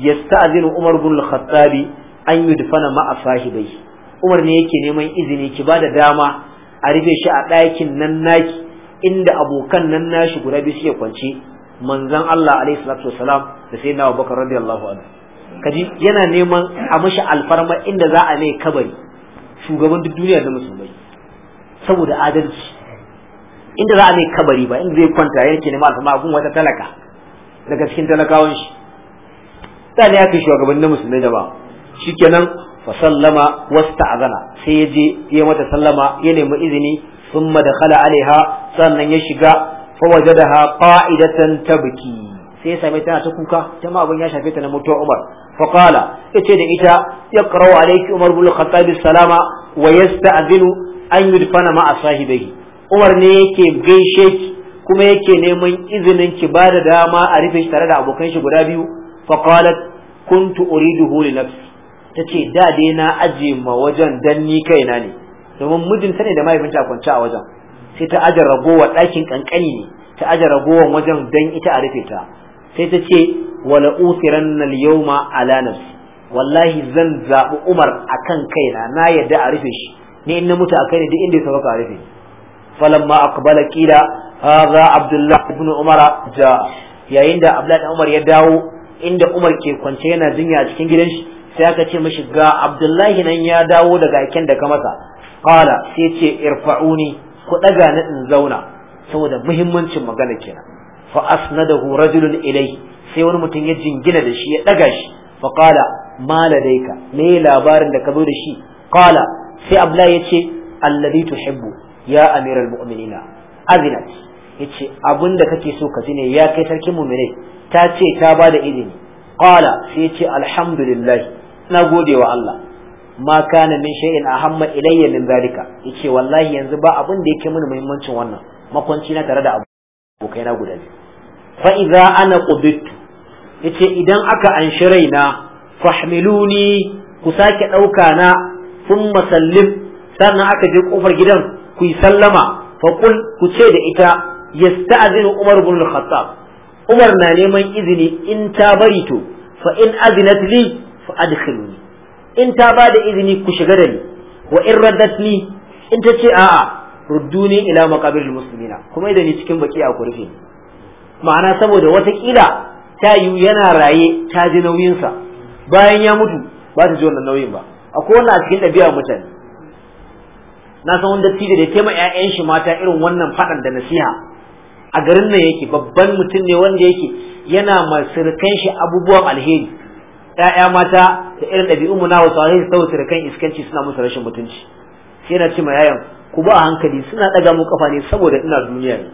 A: yasta'zinu umar ibn al-khattabi an yudfana ma'a sahibai umar ne yake neman izini ki bada dama a rufe shi a ɗakin nan naki inda abokan nan nashi guda biyu suke kwance manzon Allah alaihi salatu wasalam da sayyidina Abubakar radiyallahu anhu kaji yana neman a mashi alfarma inda za a mai kabari shugaban duk duniya da musulmai saboda adalci inda za a mai kabari ba inda zai kwanta yake neman alfarma a gun wata talaka daga cikin talakawan shi da ne aka shugabannin musulmai da ba shikenan fa sallama wasta'zana sai ya je ya mata sallama ya nemi izini thumma dakhala alaiha sannan ya shiga fa wajadaha qa'idatan tabki sai ya same tana ta kuka ta ma abin ya shafe ta na mutuwar Umar fa qala yace da ita yaqra'u alayki Umar ibn al-Khattab salama wa yasta'zinu an yudfana ma'a sahibihi Umar ne yake gaishe ki kuma yake neman izinin ki ba da dama a rufe shi tare da abokan shi guda biyu qalat kuntu uriduhu li nafsi tace da dai na aje ma wajen dan ni kaina ne domin mijinta ne da mahaifinta a kwance a wajen sai ta aje ragowar ɗakin kankani ne ta aje ragowar wajen dan ita a rufe ta sai ta ce wala usiranna al-yawma ala nafsi wallahi zan zabi Umar akan kaina na yadda a rufe shi ni in na mutu akai kai ne duk inda ya saba a rufe falamma aqbala qila hadha abdullah ibn umara ja yayin da abdullahi umar ya dawo inda umar ke kwance yana jinya a cikin gidan shi sai aka ce mishi ga abdullahi nan ya dawo daga aiken da ka masa qala sai ce irfa'uni ku daga ni in zauna saboda muhimmancin magana kenan fa asnadahu rajulun ilai sai wani mutum ya jingina da shi ya daga shi fa qala ma ladaika me labarin da ka zo da shi qala sai abdullahi ya ce alladhi tuhibbu ya amiral mu'minina azinat yace abin da kake so ka ji ne ya kai sarkin mu'minai ta ce ta ba da izini qala sai yace alhamdulillah na gode wa Allah ma kana min shay'in ahamma ilayya min zalika yace wallahi yanzu ba abin da yake mini muhimmancin wannan makwanci na tare da abokai na guda fa idza ana qudittu yace idan aka anshi raina fahmiluni ku sake dauka na thumma sallim sannan aka je kofar gidan ku yi sallama fa kul ku ce da ita yasta'zinu Umar ibn al-Khattab Umar na neman izini in ta bari to fa in azinat li fa adkhiluni in ta ba da izini ku shiga da ni wa in raddat li in ta ce a'a rudduni ila maqabir muslimina kuma idan ni cikin baki a kurfi ma'ana saboda wata kila ta yiwu yana raye ta ji nauyinsa bayan ya mutu ba ta ji wannan nauyin ba akwai wannan cikin ɗabi'a mutane na san wanda tije da tema ƴaƴan shi mata irin wannan faɗan da nasiha a garin nan yake babban mutum ne wanda yake yana masirkan shi abubuwan alheri ‘ya'ya mata da irin ɗabi'un mu na wasu alheri sau sirkan iskanci suna musu rashin mutunci sai na ce ma yayan ku ba a hankali suna ɗaga mu kafa ne saboda ina duniya ne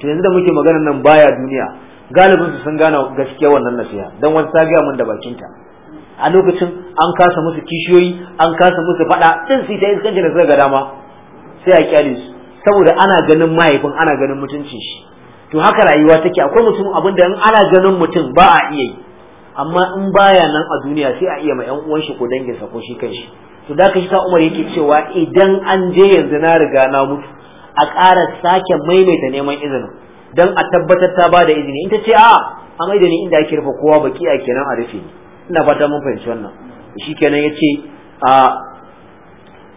A: to yanzu da muke magana nan baya duniya galibin su sun gane gaskiya wannan nasiha dan wani ta gaya min da bakinta a lokacin an kasa musu kishiyoyi an kasa musu faɗa din su ta iskanci da suka ga dama sai a kyale su saboda ana ganin mahaifin ana ganin mutuncin shi to haka rayuwa take akwai mutum abin da in ana ganin mutum ba a iya yi amma in baya nan a duniya sai a iya ma yan uwan shi ko danginsa ko shi kanshi to da ka shi sa Umar yake cewa idan an je yanzu na riga na mutu a ƙara sake maimaita neman izinin dan a tabbatar ta bada izini in ta ce a an da ni inda ake rufe kowa baki a kenan a rufe ni ina fata mun fahimci wannan shikenan yace a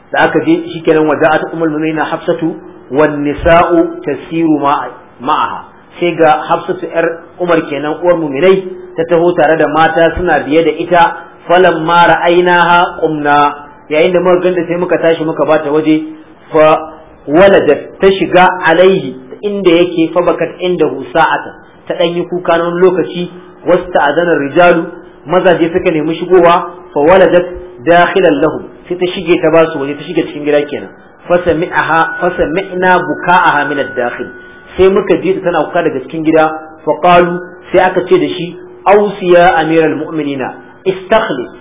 A: da aka je shikenan wada'at umul mu'minina hafsatu wan nisa'u tasiru ma ma'aha sai ga hafsatu yar umar kenan uwar muminai ta taho tare da mata suna biye da ita falan mara ainaha ƙumna yayin da muka da sai muka tashi muka bata waje fa waladat ta shiga alaihi inda yake fa bakat inda sa'atan ta dan yi kuka nan lokaci wasta azana rijalu mazaje suka nemi shigowa fa waladat dakhilan lahum sai ta shige ta basu waje ta shige cikin gida kenan fa sami'aha fa sami'na buka'aha min ad-dakhil sai muka ji ta tana kuka daga cikin gida fa sai aka ce da shi ausiya amiral mu'minina istakhlis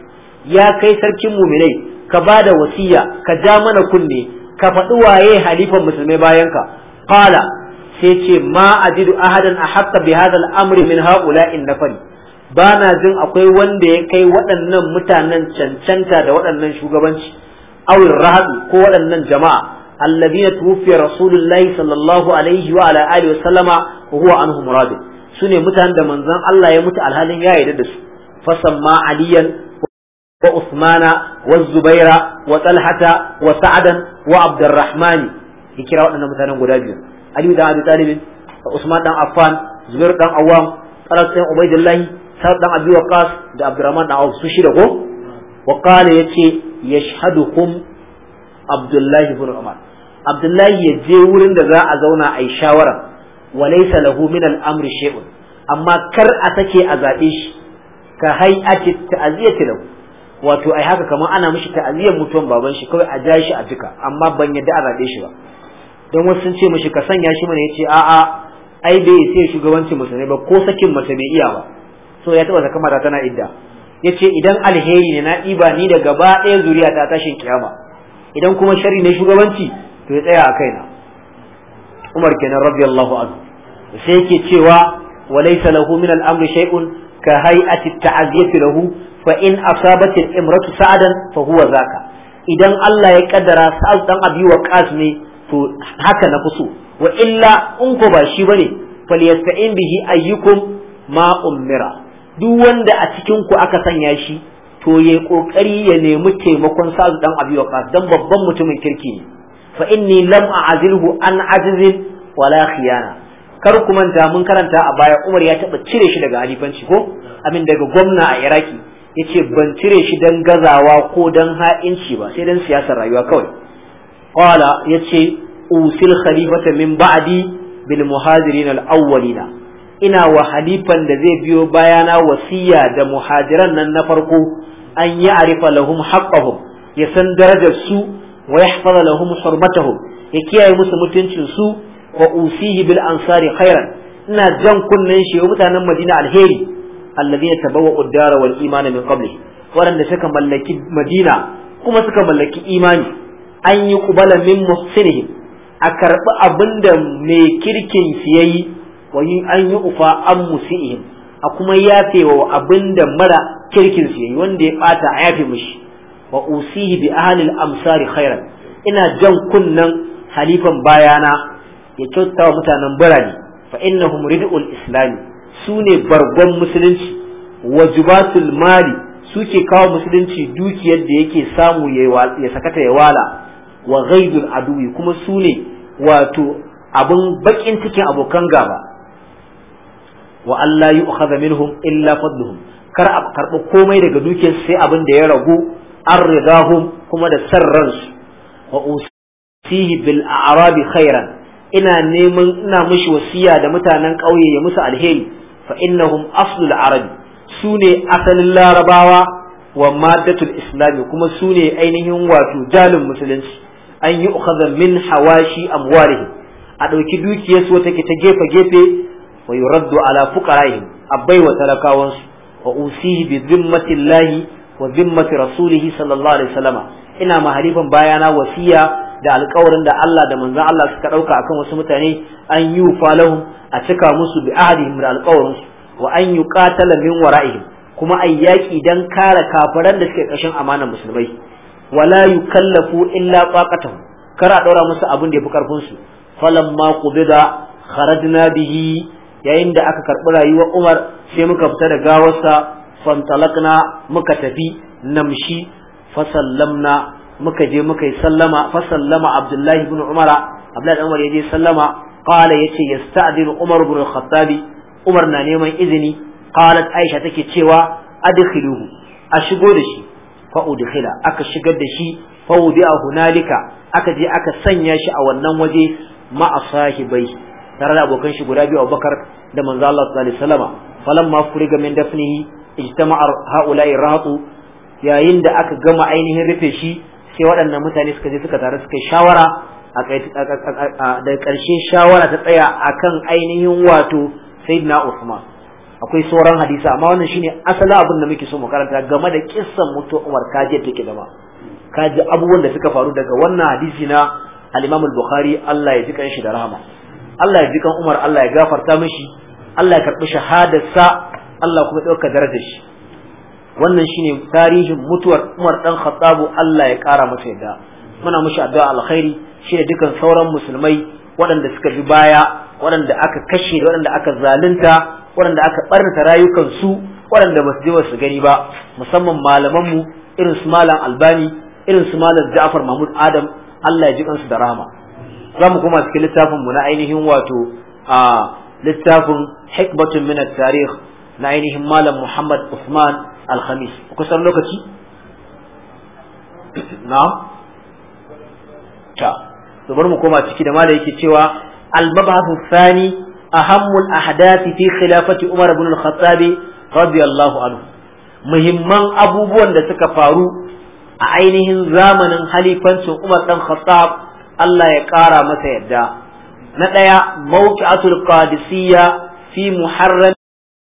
A: ya kai sarkin mu'minai ka bada wasiya ka ja mana kunne ka faɗi waye halifan musulmai bayan ka qala sai ce ma ajidu ahadan a bi hadha al-amri min ha'ula'in nafari ba na jin akwai wanda ya kai waɗannan mutanen cancanta da waɗannan shugabanci awil rahabi ko waɗannan jama'a na tuwfiya rasulullahi sallallahu alaihi wa ala alihi wa sallama wa huwa anhum murad sune mutanen da manzon Allah ya mutu alhalin ya yarda da su fasamma aliyan wa usmana wa zubaira wa talhata wa sa'adan wa abdurrahman ya kira waɗannan mutanen guda biyu aliyu da abi talibin usman dan affan zubair ɗan awam talhat dan ubaidillahi sa'ad dan abi waqas da abdurrahman dan shida ko wa qala yace yashhaduhum abdullahi ibn umar abdullahi ya je wurin da za a zauna a yi shawara wa laysa lahu min al-amri shay'un amma kar a sake a zabe shi ka hay'ati ta'ziyati lahu wato ai haka kamar ana mishi ta'aziyar mutuwan baban shi kawai a ja shi a duka amma ban yadda a zabe shi ba don wasu sun ce mishi ka sanya shi mana yace a'a ai bai sai shugabancin musulmai ba ko sakin mace bai iya ba so ya taba saka mata tana idda yace idan alheri ne na ɗiba ni da gaba ɗaya zuriya ta tashin kiyama idan kuma shari ne shugabanci to ya tsaya a kaina Umar kenan radiyallahu anhu sai yake cewa wa laysa lahu min al-amri shay'un ka hay'ati at-ta'ziyati lahu fa in asabat imratu sa'adan fa huwa zaka idan Allah ya kaddara sa'ad dan abi wa qas ne to haka na fi so wa illa in ko ba shi bane falyasta'in bihi ayyukum ma umira duk wanda a cikin ku aka sanya shi to ya kokari ya nemi taimakon sa'ad dan abi wa qas dan babban mutumin kirki ne fa inni lam a'zilhu an azizin wala khiyana kar ku manta mun karanta a baya Umar ya taba cire shi daga halifanci ko amin daga gwamna a Iraki yace ban cire shi dan gazawa ko dan ha'inci ba sai dan siyasar rayuwa kawai qala yace usil khalifata min ba'di bil muhajirin al awwalina ina wa halifan da zai biyo bayana wasiya da muhajiran nan na farko an yi arifa lahum haqqahum ya san darajar su wa yahfaza lahum hurmatahum ya kiyaye musu mutuncin su wa usihi bil ansari khairan ina jan kunnen shi mutanen Madina alheri alladhina tabawwa'u ad-dara wal imana min qablihi waɗanda suka mallaki Madina kuma suka mallaki imani an yi kubala min muhsinihim a karɓi abinda mai kirkin su yayi wa an yi ufa an musi'ihim a kuma yafewa abinda mara kirkin su yayi wanda ya ɓata a yafe mishi wa usihi bi ahli al-amsari khairan ina jan kunnan halifan bayana ya kyauta wa mutanen birane fa innahum rid'ul islami sune bargon musulunci wa jubatul mali suke kawo musulunci dukiyar da yake samu ya sakata ya wala wa ghaidul aduwi kuma sune wato abin bakin cikin abokan gaba wa Allah yi minhum illa fadluhum kar a karɓi komai daga dukiyar sai abin da ya ragu An hum kuma da san ransu wa usihi bil a'rabi khairan ina neman ina mushi wasiya da mutanen ƙauye ya musu alheri fa innahum aslul arabi su ne asalin larabawa wa maddatul islami kuma su ne ainihin wato jalin musulunci an yi ukhadha min hawashi amwarihi a ɗauki dukiyarsu wata ke ta gefe gefe wa yuraddu ala fuqara'ihim abai wa talakawansu wa usihi bi zimmatillahi wa zimmati rasulih sallallahu alaihi wasallama ina mahalifan bayana wasiya da alƙawarin da Allah da manzon Allah suka dauka akan wasu mutane an yi falahum a cika musu bi ahdihim da alƙawarin su wa an qatala min wara'ihim kuma ai yaki dan kare kafiran da suke kashin amanar musulmai wala yukallafu illa taqatahum kar a daura musu abin da yafi karfin su falamma qubida kharajna bihi yayin da aka karbi rayuwar Umar sai muka fita da gawarsa fantalakna muka tafi namshi fasallamna muka je muka yi sallama fasallama abdullahi ibn umara abdullahi umar ya je sallama qala yace yasta'dinu umar ibn al-khattabi umar na neman izini qalat aisha take cewa adkhiluhu a shigo da shi fa udkhila aka shigar da shi fa wudi'a hunalika aka je aka sanya shi a wannan waje ma'a sahibai tare da abokan shi guda biyu Abubakar da manzo Allah sallallahu alaihi wasallam falamma furiga min dafnihi ijtama'ar haula'i ratu yayin da aka gama ainihin rufe shi sai waɗannan mutane suka je suka taru suka shawara da ƙarshe shawara ta tsaya akan ainihin wato sayyidina Usman akwai sauran hadisa, amma wannan shine asalin abin da muke so mu karanta game da kissan mutuwar Umar kaji take da kaji abubuwan da suka faru daga wannan hadisi na al-Imam al-Bukhari Allah ya ji shi da rahama Allah ya ji kan Umar Allah ya gafarta mishi Allah ya karbi shahadarsa Allah kuma ɗauka darajar shi wannan shine tarihin mutuwar Umar dan Khattab Allah ya ƙara masa yadda muna mushi addu'a alkhairi shi dukan sauran musulmai waɗanda suka bi baya waɗanda aka kashe waɗanda aka zalunta waɗanda aka ɓarnata rayukansu waɗanda ba su je su gani ba musamman malamanmu irin su malam albani irin su malam ja'far mahmud adam allah ya ji kansu da rahama za mu koma cikin littafin mu na ainihin wato a littafin hikbatun min tarikh na ainihin malam Muhammad Usman Alhamis kusan lokaci na ta to mu koma ciki da Malam yake cewa al sani ahammul أهم fi khilafati umar عمر بن الخطاب رضي الله عنه مهمان da suka faru a ainihin zamanin halifancin Umar dan Khattab Allah ya ƙara masa yadda na ɗaya mawqi'atul qadisiyya fi muharram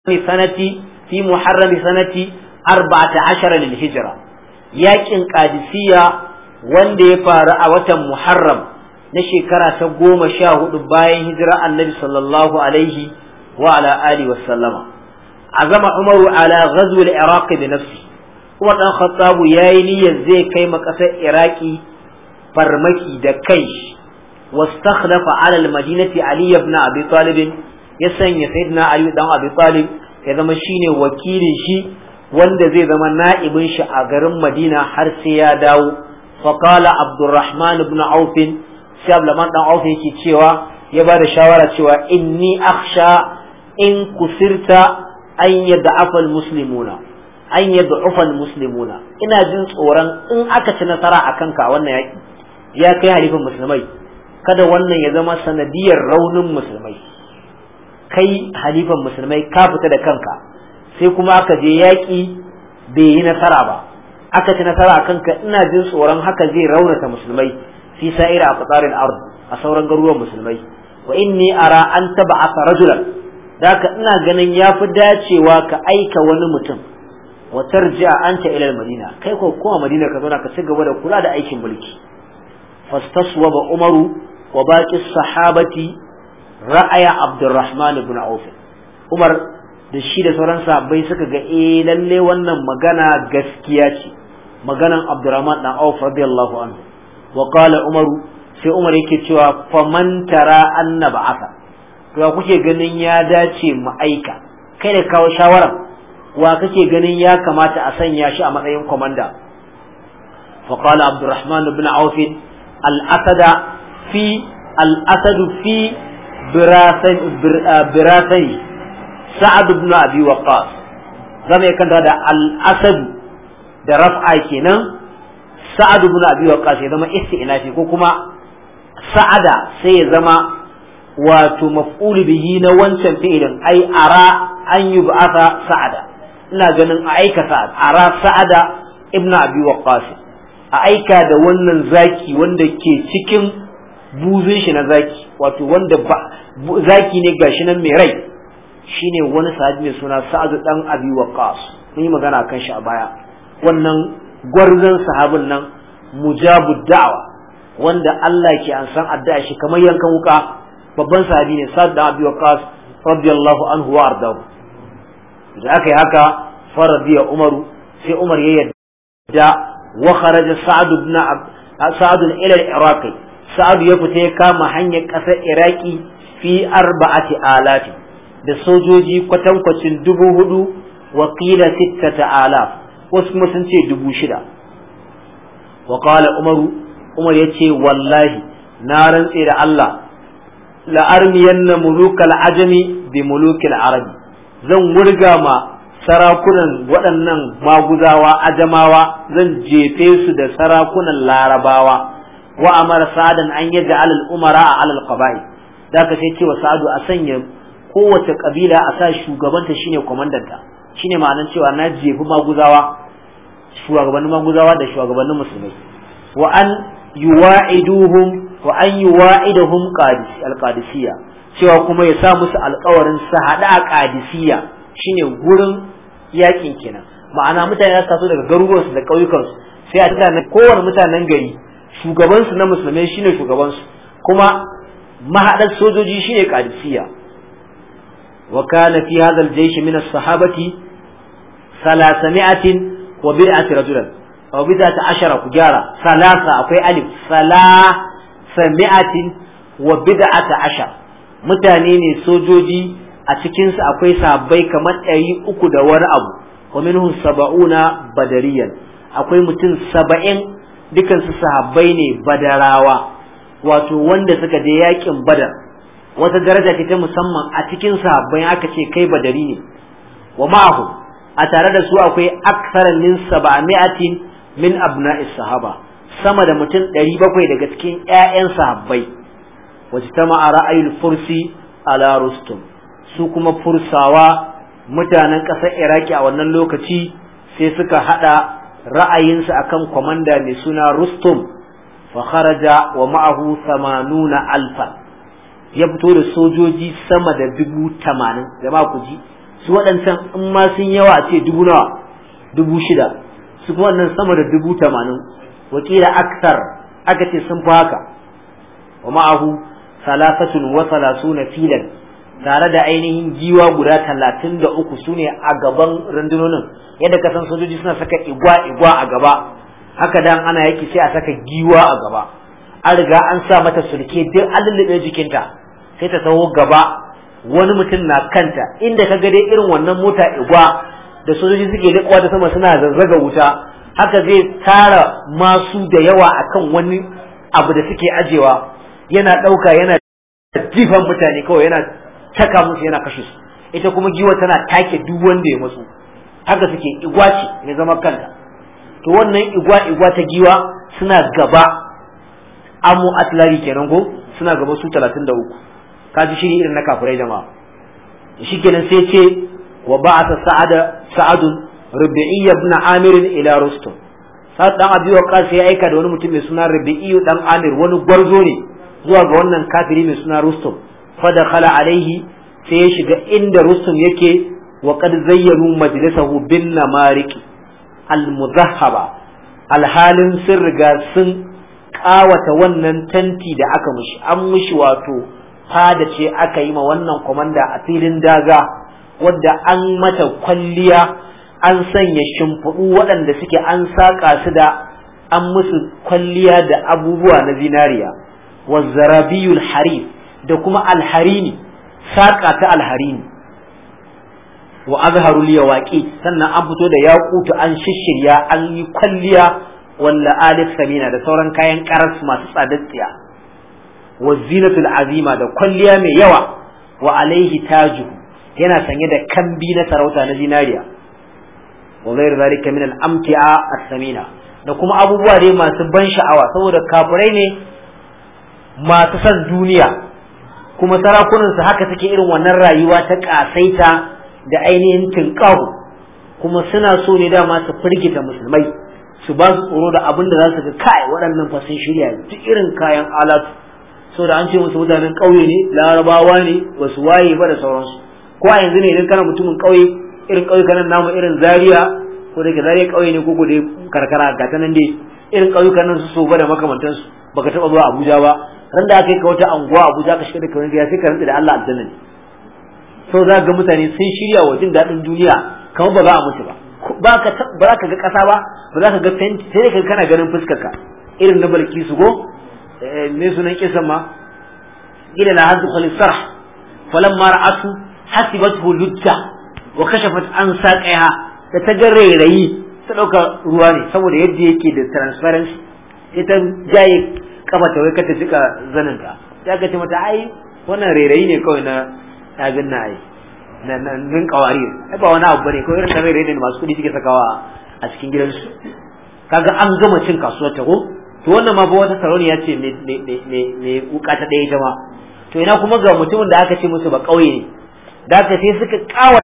A: sanati fi muharram sanati 14 lil hijira yakin qadisiyya wanda ya faru a watan muharram na shekara ta goma sha hudu bayan hijira annabi sallallahu alaihi wa ala alihi wa sallama azama umaru ala ghazw al iraq bi nafsi kuma dan khattab yayi niyyar zai kai ma iraki farmaki da kai wastakhlafa ala al madinati ali ibn abi talib ya sanya sayyidina ayu dan abi talib ya zama shine wakilin shi wanda zai zama na'ibin shi a garin madina har sai ya dawo faqala abdurrahman ibn auf sai abdurrahman dan auf yake cewa ya ba da shawara cewa inni akhsha in kusirta an yad'afa muslimuna an yad'afa muslimuna ina jin tsoron in aka ci nasara akan ka wannan yaki ya kai halifin musulmai kada wannan ya zama sanadiyar raunin musulmai kai halifan musulmai ka fita da kanka sai kuma aka je yaƙi bai yi nasara ba aka ci nasara a kanka ina jin tsoron haka zai raunata musulmai fi sa'ira a fitsarin ardu a sauran garuruwan musulmai wa inni ara an taba'atha rajulan daka ina ganin ya fi dacewa ka aika wani mutum wa tarji'a anta ila madina kai ko kuma madina ka zauna ka ci gaba da kula da aikin mulki ba umaru wa baqi sahabati ra'aya abdurrahman ibn auf umar da shi da sauran bai suka ga eh lalle wannan magana gaskiya ce maganan abdurrahman dan auf radiyallahu anhu wa qala umar sai umar yake cewa faman tara anna ba'atha to kuke ganin ya dace mu aika kai da kawo shawara wa kake ganin ya kamata a sanya shi a matsayin komanda fa qala abdurrahman ibn auf al-asada fi al-asadu fi birasai uh, sa'ad ibn abi waqqas zama yakan da al-asad da raf'a kenan sa'ad ibn abi waqas ya zama istinafi ko kuma sa'ada sai ya zama wato maf'ul bihi na wancan fi'ilin ai ara an yub'atha sa'ada ina ganin a aika sa'ad ara sa'ada ibn abi waqas a aika da wannan zaki wanda ke cikin buzun shi na zaki wato wanda ba zaki ne gashi nan mai rai shine wani sahabi mai suna sa'ad dan abi waqas mun yi magana kan shi a baya wannan gwarzon sahabin nan mujabud da'wa wanda Allah ke an san addu'a shi kamar yankan wuka babban sahabi ne sa'ad dan abi waqas radiyallahu anhu wa ardahu da aka yi haka faradiya umaru sai umar ya yarda wa kharaja sa'ad ibn sa'ad ila al-iraqi sa'ad ya fita ya kama hanyar kasar iraki fi arba'ati alati da sojoji kwatankwacin dubu hudu wa qila sittata alaf wasu kuma sun ce dubu shida wa kala umaru umar yace wallahi na rantse da Allah la'armi armiyanna mulukal ajami bi mulukil arabi zan wurga ma sarakunan waɗannan maguzawa ajamawa zan jefe su da sarakunan larabawa wa amara sadan an yaja alal umara a alal qaba'il da aka sai cewa sa'adu a sanya kowace kabila a sa shugabanta shine ta shine ma'anar cewa na jefi maguzawa shugabannin maguzawa da shugabannin musulmai wa an yuwa'iduhum wa an yuwa'iduhum qadis cewa kuma ya sa musu alƙawarin su hada a qadisiyya shine gurin yakin kenan ma'ana mutane za su taso daga garuruwansu da ƙauyukansu sai a tada kowane mutanen gari shugabansu na musulmai shine shugabansu kuma mahaɗar sojoji shine qadisiyya wa kana fi hadha jaysh min as-sahabati 300 wa bid'ati rajulan aw bid'ati ashara ku gyara salasa akwai alif sala sami'atin wa bid'ati ashar mutane ne sojoji a cikin su akwai sahabbai kamar ɗari uku da wani abu wa minhum sab'una badariyan akwai mutum saba'in dukansu sahabbai ne badarawa wato wanda suka je yakin badar wata daraja ce ta musamman a cikin sahabbai aka ce kai badari ne wa ma'ahu a tare da su akwai akthar min sab'ami'atin min abna'is sahaba sama da mutum ɗari bakwai daga cikin ƴaƴan sahabbai Wace ta tama'a ra'ayul fursi ala rustum su kuma fursawa mutanen ƙasar iraki a wannan lokaci sai suka haɗa ra'ayinsu akan kwamanda mai suna rustum fa kharaja wa ma'ahu 80 alfan ya fito da sojoji sama da dubu tamanin jama'a ku ji su waɗancan in ma sun yawa ce dubu nawa dubu shida su kuma nan sama da dubu tamanin wakila aksar aka ce sun fi haka wa ma'ahu salafatun wa salasuna filan tare da ainihin giwa guda talatin da uku su ne a gaban rundunonin yadda kasan sojoji suna saka igwa igwa a gaba haka dan ana yaki sai a saka giwa a gaba an riga an sa mata sulke duk an jikinta sai ta taho gaba wani mutum na kanta inda ka dai irin wannan mota igwa da sojoji suke rikuwa da sama suna zazzaga wuta haka zai tara masu da yawa akan wani abu da suke ajewa yana ɗauka yana jifan mutane kawai yana taka musu yana kashe su ita kuma giwa tana take duk wanda ya matsu haka suke igwa ce mai zama kanta to wannan igwa igwa ta giwa suna gaba amu atlari kenan ko suna gaba su 33 kaji shiri irin na kafirai jama'a kenan sai ce wa ba'atha sa'ada sa'adun rubi'i ibn amir ila rustum sa'ad dan abi waqas ya aika da wani mutum mai suna rubi'i dan amir wani gwarzo ne zuwa ga wannan kafiri mai suna rustum fa dakhala alaihi sai ya shiga inda rustum yake wa qad zayyanu majlisahu bin namariki al-muzahhaba alhalin sun riga sun kawata wannan tanti da aka mushi an mushi wato fada ce aka yi ma wannan komanda a filin daga wadda an mata kwalliya an sanya shimfiɗu waɗanda suke an saƙa su da an musu kwalliya da abubuwa na zinariya wa zarabiyul harif da kuma alharini saƙa ta alharini wa azharu liyawaqi sannan an fito da yaqutu an shishirya an yi kwalliya walla alif samina da sauran kayan karas masu tsadattiya wa zinatul azima da kwalliya mai yawa wa alaihi taju yana sanye da kambi na sarauta na zinariya wa ghairu zalika min al-amti'a as-samina da kuma abubuwa dai masu ban sha'awa saboda kafirai ne masu san duniya kuma sarakunan haka suke irin wannan rayuwa ta kasaita da ainihin tinkahu kuma suna so ne dama su firgita musulmai su ba su tsoro da abin da za su ga kai waɗannan fa sun shirya duk irin kayan alatu so da an ce musu mutanen ƙauye ne larabawa ne ba su waye ba da sauransu ko a yanzu ne idan kana mutumin ƙauye irin ƙauye kanan namu irin zaria ko da ke zaria ƙauye ne ko ko dai karkara ga ta nan dai irin ƙauye nan su so ba da makamantansu baka taɓa zuwa abuja ba ran da aka yi ka wata anguwa abuja ka shiga da kawai gida sai ka rantsa da allah aljanna ne so za ga mutane sun shirya wa jin daɗin duniya kamar ba za a mutu ba ba za ka ga ƙasa ba ba za ka ga fenti sai ka kana ganin ka irin na balki su go eh, me sunan kisan ma ila la hazu khalisar falamma ra'atu hasibathu lujja wa kashafat an saqiha da ta ga rairayi ta dauka ruwa ne saboda yadda yake da transparency ita jaye kafa ta wai ka ta jika zanin ta ya ka mata ai wannan rairayi ne kawai na abin na ai na nan kawari ba wani abu bane ko irin kamar ne masu kudi suke sakawa a cikin gidansu kaga an gama cin kasuwar ta ko to wannan ma ba wata ya ce me me me ta daya jama to ina kuma ga mutumin da aka ce musu ba kauye ne da aka sai suka kawa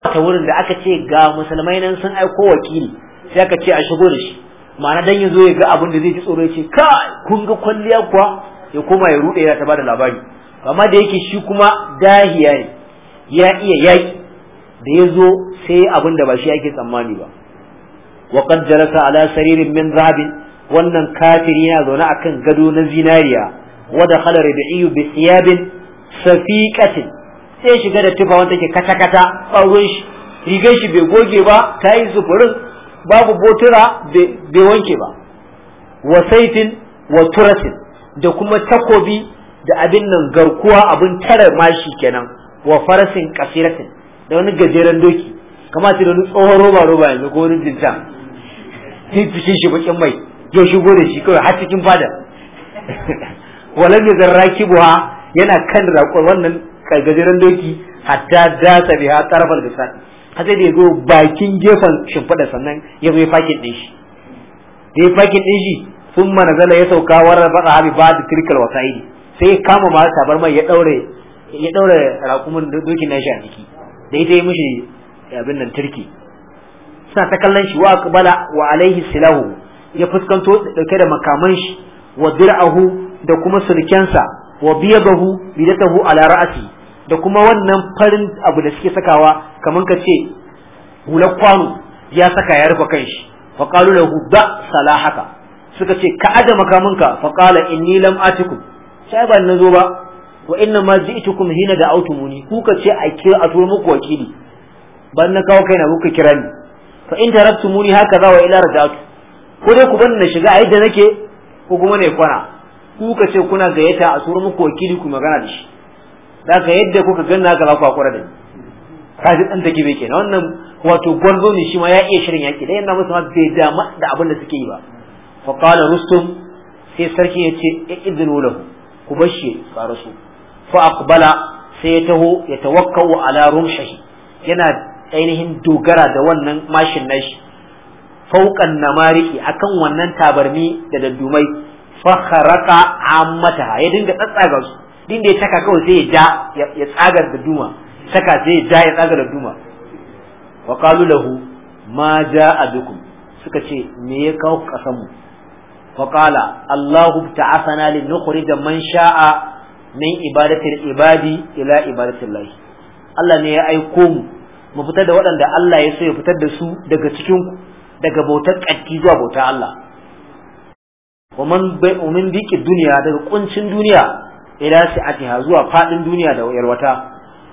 A: ta wurin da aka ce ga musulmai nan sun aiko wakili sai aka ce a shigo da shi ma'ana dan ya ya ga abin da zai ji tsoro ya ce ka kun ga kwalliya kuwa ya koma ya rude ya ta ba da labari amma da yake shi kuma dahiya ne ya iya yaƙi da ya zo sai abin da ba shi ake tsammani ba wa qad jalasa ala saririn min zahabin wannan kafiri yana zaune akan gado na zinariya wa dakhala rabi'u bi thiyabin safiqatin sai shiga da tufa wanda take kata kata tsawon shi rigar shi bai goge ba ta yi sufurin babu botura bai wanke ba wa saitin wa turatin da kuma takobi da abin nan garkuwa abin tare mashi kenan wa farasin kasiratin da wani gajeren doki kama ta da wani tsohon roba roba yanzu ko wani jinta sai fushin shi bakin mai yau shigo da shi kawai har cikin fada walam zan zarra kibuha yana kan raƙon wannan gajeren doki hatta dasa biha da sa har sai da ya zo bakin gefen shimfiɗa sannan ya zo fakin ɗin shi da ya fakin ɗin shi sun manazala ya sauka warar faɗa habi ba da kirkar wasa'idi sai ya kama ma mai ya daure ya daure rakumin dokin nashi a jiki da ita yi mishi abin nan turki suna ta kallon shi wa bala wa alaihi silahu ya fuskanto dauke da makaman shi wa dir'ahu da kuma sulkensa wa biyadahu bidatahu ala ra'asi da kuma wannan farin abu da suke sakawa kamar ka ce hular kwano ya saka ya rufe kanshi fa qalu lahu ba salahaka suka ce ka aje makaminka fa qala inni lam atikum sai ban nazo ba wa inna ma ji'tukum hina da autumuni kuka ce a kira a turo muku wakili ban na kawo kaina kuka kira ni fa in tarabtumuni haka za wa ila rajatu ko dai ku ban na shiga a yadda nake ko kuma ne kwana kuka ce kuna gayyata a turo muku wakili ku magana da shi daga yadda kuka ganna haka za ku hakura da ni kaji dan take bai kenan wannan wato gwarzo ne shi ma ya iya shirin yaki dai yana musu ma bai da da abin da suke yi ba fa qala rustum sai sarki ya ce idinu lahu ku bashi karasu fa aqbala sai ya taho ya tawakkau ala rumshihi yana ainihin dogara da wannan mashin nashi fauqan namariki akan wannan tabarmi da daddumai fa kharaqa ammata ya dinga tsatsaga su dinda da ya taka kawai sai ya ja ya tsagar da duma saka sai ya ja ya tsagar da duma wa qalu lahu ma ja'a bikum suka ce me ya kawo kasan فقال الله ابتعثنا لنخرج من شاء من عبادة العباد إلى عبادة الله Allah ne ya aiko mu mu fitar da waɗanda Allah ya so ya fitar da su daga cikin daga bautar ƙatti zuwa bautar Allah wa man bai umin diki duniya daga kuncin duniya ila ha zuwa fadin duniya da yarwata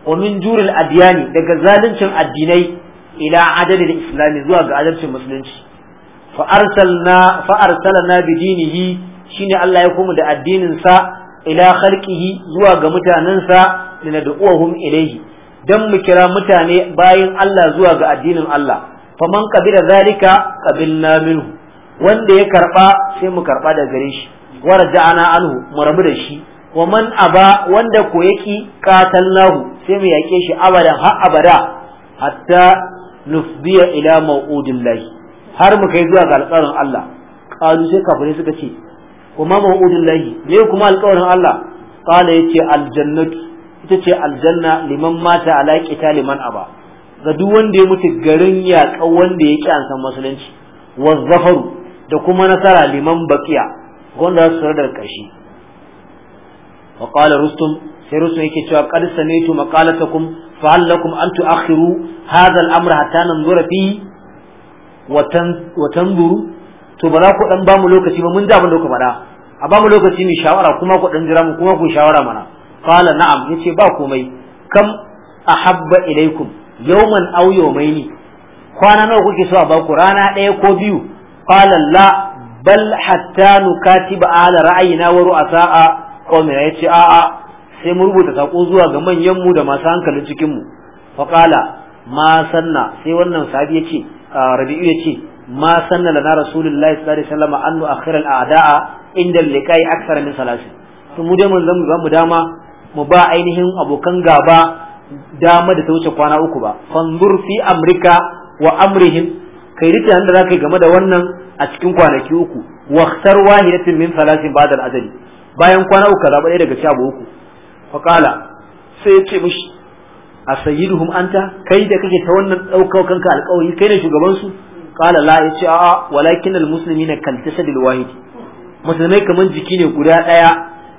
A: wa min juril adyani daga zaluncin addinai ila adadin islami zuwa ga adalcin musulunci fa arsalna fa arsalna bi dinihi shine Allah ya komu da addinin sa ila khalqihi zuwa ga mutanansa linad'uhum ilayhi dan mu kira mutane bayan Allah zuwa ga addinin Allah faman qabila zalika qabilna minhu wanda ya karba sai mu karba da gare shi warja'ana anhu mu rabu da shi wa man aba wanda ko yaki qatalnahu sai mu yake shi abada, har abada hatta nufdiya ila mau'udillahi har mu kai zuwa ga alƙawarin Allah qalu sai kafirai suka ce kuma ma'udin lahi me kuma alƙawarin Allah ƙala yace aljannatu ita ce aljanna liman mata ala qita liman aba ga duk wanda ya mutu garin yaƙa wanda ya ƙi ansan musulunci wa zafaru da kuma nasara liman baqiya wanda za su da ƙarshe wa qala rustum sai rustum yake cewa qad sami'tu maqalatakum fa hal lakum an tu'akhiru hadha al-amra hatta nanzura fihi Watan tanzuru to ba za ku dan bamu lokaci ba mun da abin da ku faɗa a bamu lokaci mu shawara kuma ku dan jira mu kuma ku shawara mana qala na'am yace ba komai kam ahabba ilaikum yawman aw yawmaini kwana nawa kuke so a ba ku rana ɗaya ko biyu qala la bal hatta nukatiba ala ra'ayina wa ru'asa'a qawmina yace a'a sai mu rubuta sako zuwa ga manyan mu da masu hankalin cikin mu fa qala ma sanna sai wannan sahabi yace rabi'u ce ma sanna lana rasulullahi sallallahu alaihi wasallam annu akhiral a'da'a inda liqai aksar min salasin to mu dai mun zan ba mu dama mu ba ainihin abokan gaba dama da ta wuce kwana uku ba fanzur fi amrika wa amrihim kai rita da zaka game da wannan a cikin kwanaki uku wa khtar wahidatin min salasin ba'da azali bayan kwana uku ka zaba daga sha uku fa qala sai ya ce mishi a sayyiduhum anta kai da kake ta wannan ɗaukar kanka alƙawari kai ne shugaban su qala la yace a'a walakin almuslimina kal tasadil wahid musulmai kaman jiki ne guda daya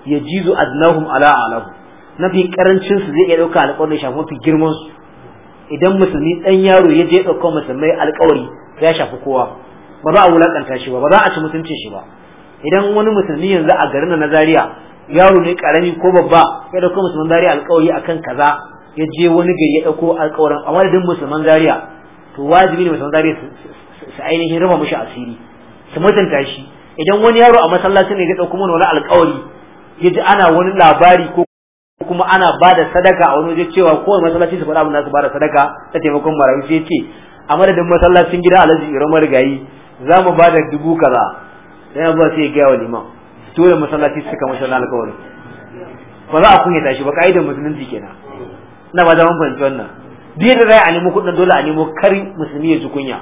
A: yajizu adnahum ala alahu mafi karancin su zai iya dauka alƙawarin shafi mafi girman su idan musulmi dan yaro ya je dauka musulmai alƙawari ya shafi kowa ba za a wulakanta shi ba ba za a ci mutuncin shi ba idan wani musulmi yanzu a garin na Zaria yaro ne karami ko babba ya dauka musulman Zaria alkawari akan kaza ya je wani gari ya ɗauko alƙawarin a madadin musulman zaria to wajibi ne musulman zariya su ainihin raba mushi asiri su mutunta shi idan wani yaro a masallacin ne ya ɗauko mana wani alƙawari ya ji ana wani labari ko kuma ana ba da sadaka a wani waje cewa kowane masallaci su faɗa abin su ba da sadaka ta taimakon marayu sai ce a madadin masallacin gida alhaji iran marigayi za mu ba da dubu kaza ya ba sai ya gaya wa liman dole masallaci suka mashi alƙawari ba za a kunyata shi ba ka'idar musulunci kenan na ba zaman fahimci wannan duk da zai a nemo kuɗin dole a nemo kar musulmi ya ji kunya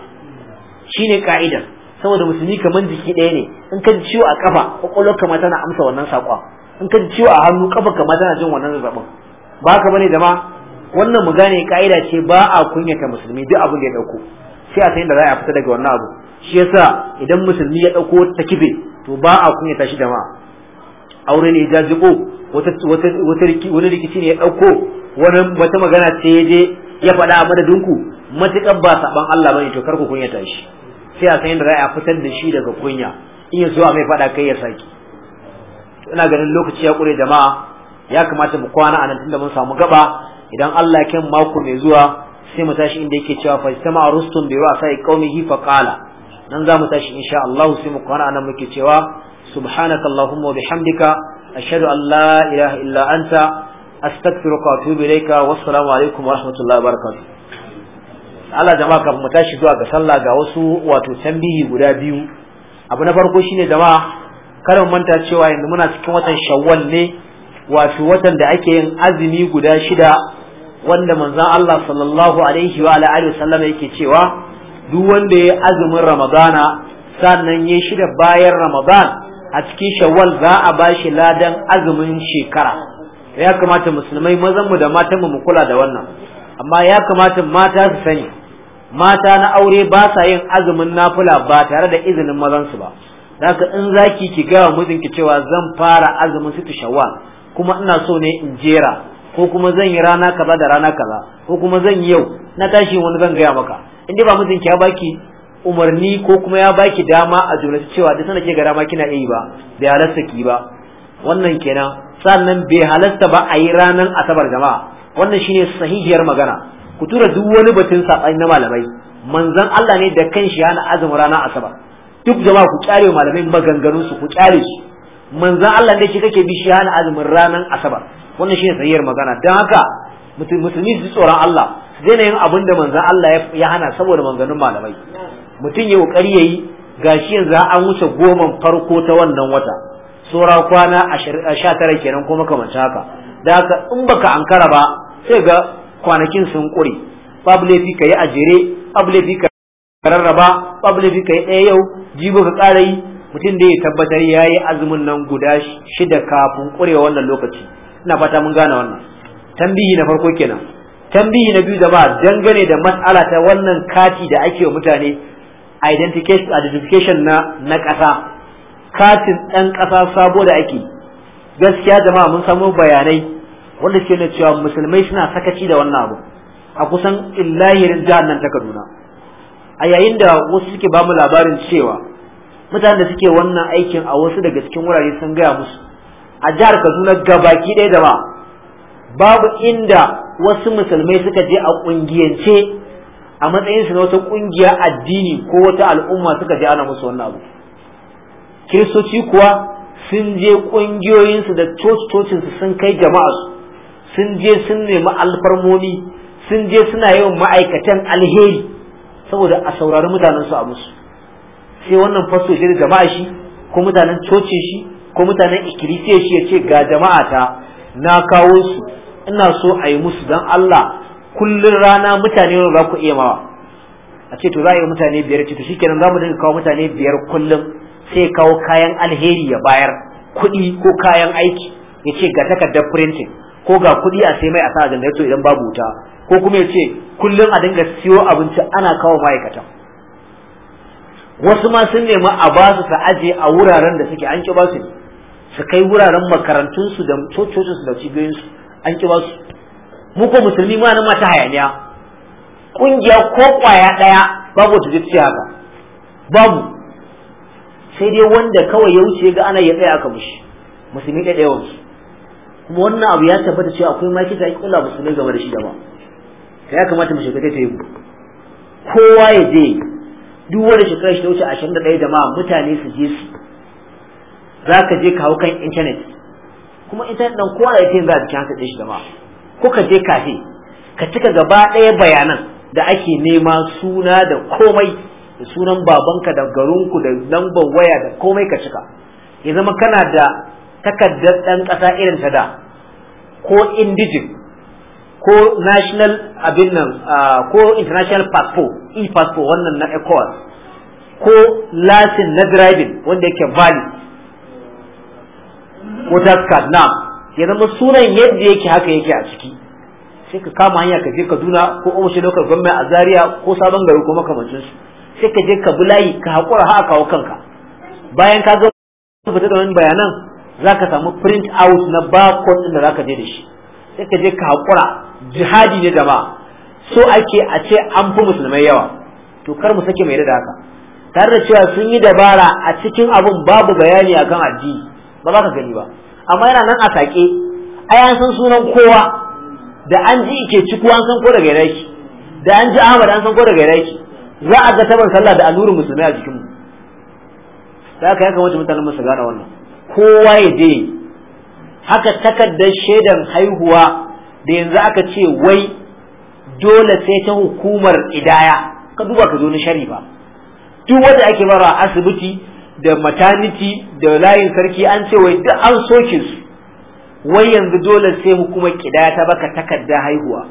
A: shine ka'idar saboda musulmi kamar jiki ɗaya ne in ka ji ciwo a kafa kwakwalwar kama tana amsa wannan saƙwa in ka ji ciwo a hannu kafa kama tana jin wannan zazzabin ba haka bane da ma wannan mu gane ka'ida ce ba a kunyata musulmi duk abin da ya ɗauko sai a san da za a fita daga wannan abu shi yasa idan musulmi ya ɗauko ta kife to ba a kunyata shi da ma aure ne ya jajibo wani rikici ne ya ɗauko wani wata magana ce ya je ya faɗa a madadin ku matuƙar ba saɓan Allah bane to kar kunya ta shi sai a san yadda za a fitar da shi daga kunya in ya zo a mai faɗa kai ya saki ina ganin lokaci ya ƙure jama'a ya kamata mu kwana a tun tunda mun samu gaba idan Allah ya mako mai zuwa sai mu tashi inda yake cewa fa sama rustum bi ra'sa qaumihi fa qala nan za mu tashi insha Allah sai mu kwana a nan muke cewa subhanakallahumma wa bihamdika ashhadu an la ilaha illa anta astaghfiruka wa atubu ilayka wa assalamu alaikum wa rahmatullahi wa barakatuh Allah jama'a kafin mu tashi zuwa ga sallah ga wasu wato tambihi guda biyu abu na farko shine jama'a kada mu manta cewa yanzu muna cikin watan Shawwal ne wato watan da ake yin azumi guda shida wanda manzon Allah sallallahu alaihi wa alihi wasallam yake cewa duk wanda ya azumin Ramadana sannan ya shida bayan Ramadan a cikin Shawwal za a bashi ladan azumin shekara ya kamata musulmai mazan mu da matan mu kula da wannan amma ya kamata mata su sani mata na aure ba sa yin azumin nafula ba tare da izinin mazan su ba ka in zaki ki ga mijinki cewa zan fara azumin situ shawwal kuma ina so ne in jera ko kuma zan yi rana kaza da rana kaza ko kuma zan yi yau na tashi wani zan gaya maka in dai ba mijinki ya baki umarni ko kuma ya baki dama a jumlace cewa duk sanda ke ga dama kina yi ba da halarta ki ba wannan kenan sannan bai halatta ba a yi ranar asabar jama'a wannan shine sahihiyar magana ku tura duk wani batun saɓani na malamai manzon Allah ne da kan shi yana azumin ranar asabar duk jama'a ku kyale malamai maganganun su ku kyare su manzon Allah ne shi kake bi shi yana azumin ranar asabar wannan shine sahihiyar magana dan haka musulmi su tsoron Allah su daina yin abin da manzon Allah ya hana saboda maganganun malamai mutum ya kokari yayi gashi yanzu an wuce goman farko ta wannan wata tsora kwana eh, sha tara kenan ko makamancin haka da haka in baka ankara ba sai ga kwanakin sun kure babu laifi ka yi a jere babu laifi ka rarraba babu laifi ka yi ɗaya yau jibo ka ƙara yi mutum da ya tabbatar ya yi azumin nan guda shida kafin kurewa wannan lokaci ina fata mun gane wannan tambihi na farko kenan tambihi na biyu ba dangane da matsala ta wannan kati da ake wa mutane identification na na ƙasa katin ɗan ƙasa sabo da ake gaskiya jama'a mun samu bayanai wanda suke na cewa musulmai suna sakaci da wannan abu a kusan illahirin jihar nan ta kaduna a yayin da wasu suke bamu labarin cewa mutanen da suke wannan aikin a wasu daga cikin wurare sun gaya musu a jihar kaduna gabaki ɗaya da ma, babu inda wasu musulmai suka je a ƙungiyance a matsayinsu na wata ƙungiya addini ko wata al'umma suka je ana musu wannan abu kiristoci kuwa sun je ƙungiyoyinsu da coci-cocinsu sun kai jama'a su, sun je sun nemi alfarmoni sun je suna yawan ma'aikatan alheri saboda a saurari mutanensu a musu sai wannan fasto shi da jama'a shi ko mutanen coci shi ko mutanen ikkilisiyar shi ya ce ga jama'a ta na kawo su ina so a yi musu don Allah kullun rana mutane ne za ku iya mawa a ce to za a yi mutane biyar ce to shikenan za mu dinga kawo mutane biyar kullum sai kawo kayan alheri ya bayar kuɗi ko kayan aiki ya ce ga takardar printing ko ga kuɗi a sai mai a sa a idan babu wuta ko kuma ya ce kullum a dinga siyo abinci ana kawo ma'aikata wasu ma sun nemi a ba su aje a wuraren da suke an ki ba su su kai wuraren makarantunsu da cocinsu da cibiyoyinsu an ki ba su mu ko musulmi ma nan mata hayaniya kungiya ko kwaya ɗaya babu ta haka babu sai dai wanda kawai ya wuce ga ana ya tsaya aka mushi musulmi da yawan su kuma wannan abu ya tabbata cewa akwai ma kita kula musulmi game da shi da ba sai ya kamata mu shekara ta yi kowa ya je duk wanda shekara shi ta wuce 21 da ma mutane su je su zaka je ka kan internet kuma internet dan kowa ya tayin za a cikin hasa shi da ma ko ka je kafe ka cika gaba ɗaya bayanan da ake nema suna da komai da sunan babanka da garinku da lambar waya da komai ka cika ya zama kana da takardar ɗan ƙasa irin ta da ko indijin ko national abin nan ko international passport e-passport wannan na ecuador ko latin na driving wanda yake valid ko tax na ya zama sunan yadda yake haka yake a ciki sai ka kama hanya ka je kaduna ko ofishin local government a zaria ko sabon gari ko makamancin sai ka je ka bi layi ka haƙura ha kawo kanka bayan ka ga fita da wani bayanan za ka samu print out na barcode ɗin da za ka je da shi sai ka je ka haƙura jihadi ne da ba so ake a ce an fi musulmai yawa to kar mu sake mai da haka tare da cewa sun yi dabara a cikin abun babu bayani akan addini ba za ka gani ba amma yana nan a sake ai an san sunan kowa da an ji ke ciku an san ko daga iraki da an ji ahmad an san ko daga iraki za a ga taban sallah da alurin musulmai a jikinmu da aka ya mutanen masu gara wannan kowa ya je haka takardar shaidar haihuwa da yanzu aka ce wai dole sai ta hukumar idaya ka duba ka zo na shari ba duk wanda ake bara asibiti da mataniti da layin sarki an ce wai duk an soke su wai yanzu dole sai hukumar kidaya ta baka takardar haihuwa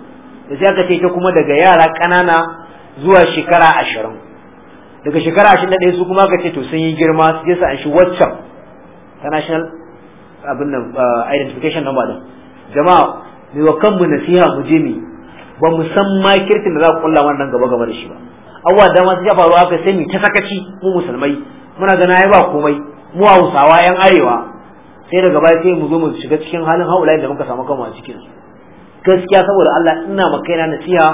A: da sai aka ce ta kuma daga yara ƙanana zuwa shekara ashirin daga shekara ashirin da ɗaya su kuma ka ce to sun yi girma su je su an shi waccan ta national abin uh, identification number din jama'a mai wa kanmu nasiha mu je mi ba mu san kirkin da za ku kulla wannan gaba gaba da shi ba awwa da ma ya faru faruwa sai mu ta sakaci mu musulmai muna gana ya ba komai mu a hausawa yan arewa sai daga baya sai mu zo mu shiga cikin halin haula da muka samu kanmu a cikin gaskiya saboda Allah ina maka yana nasiha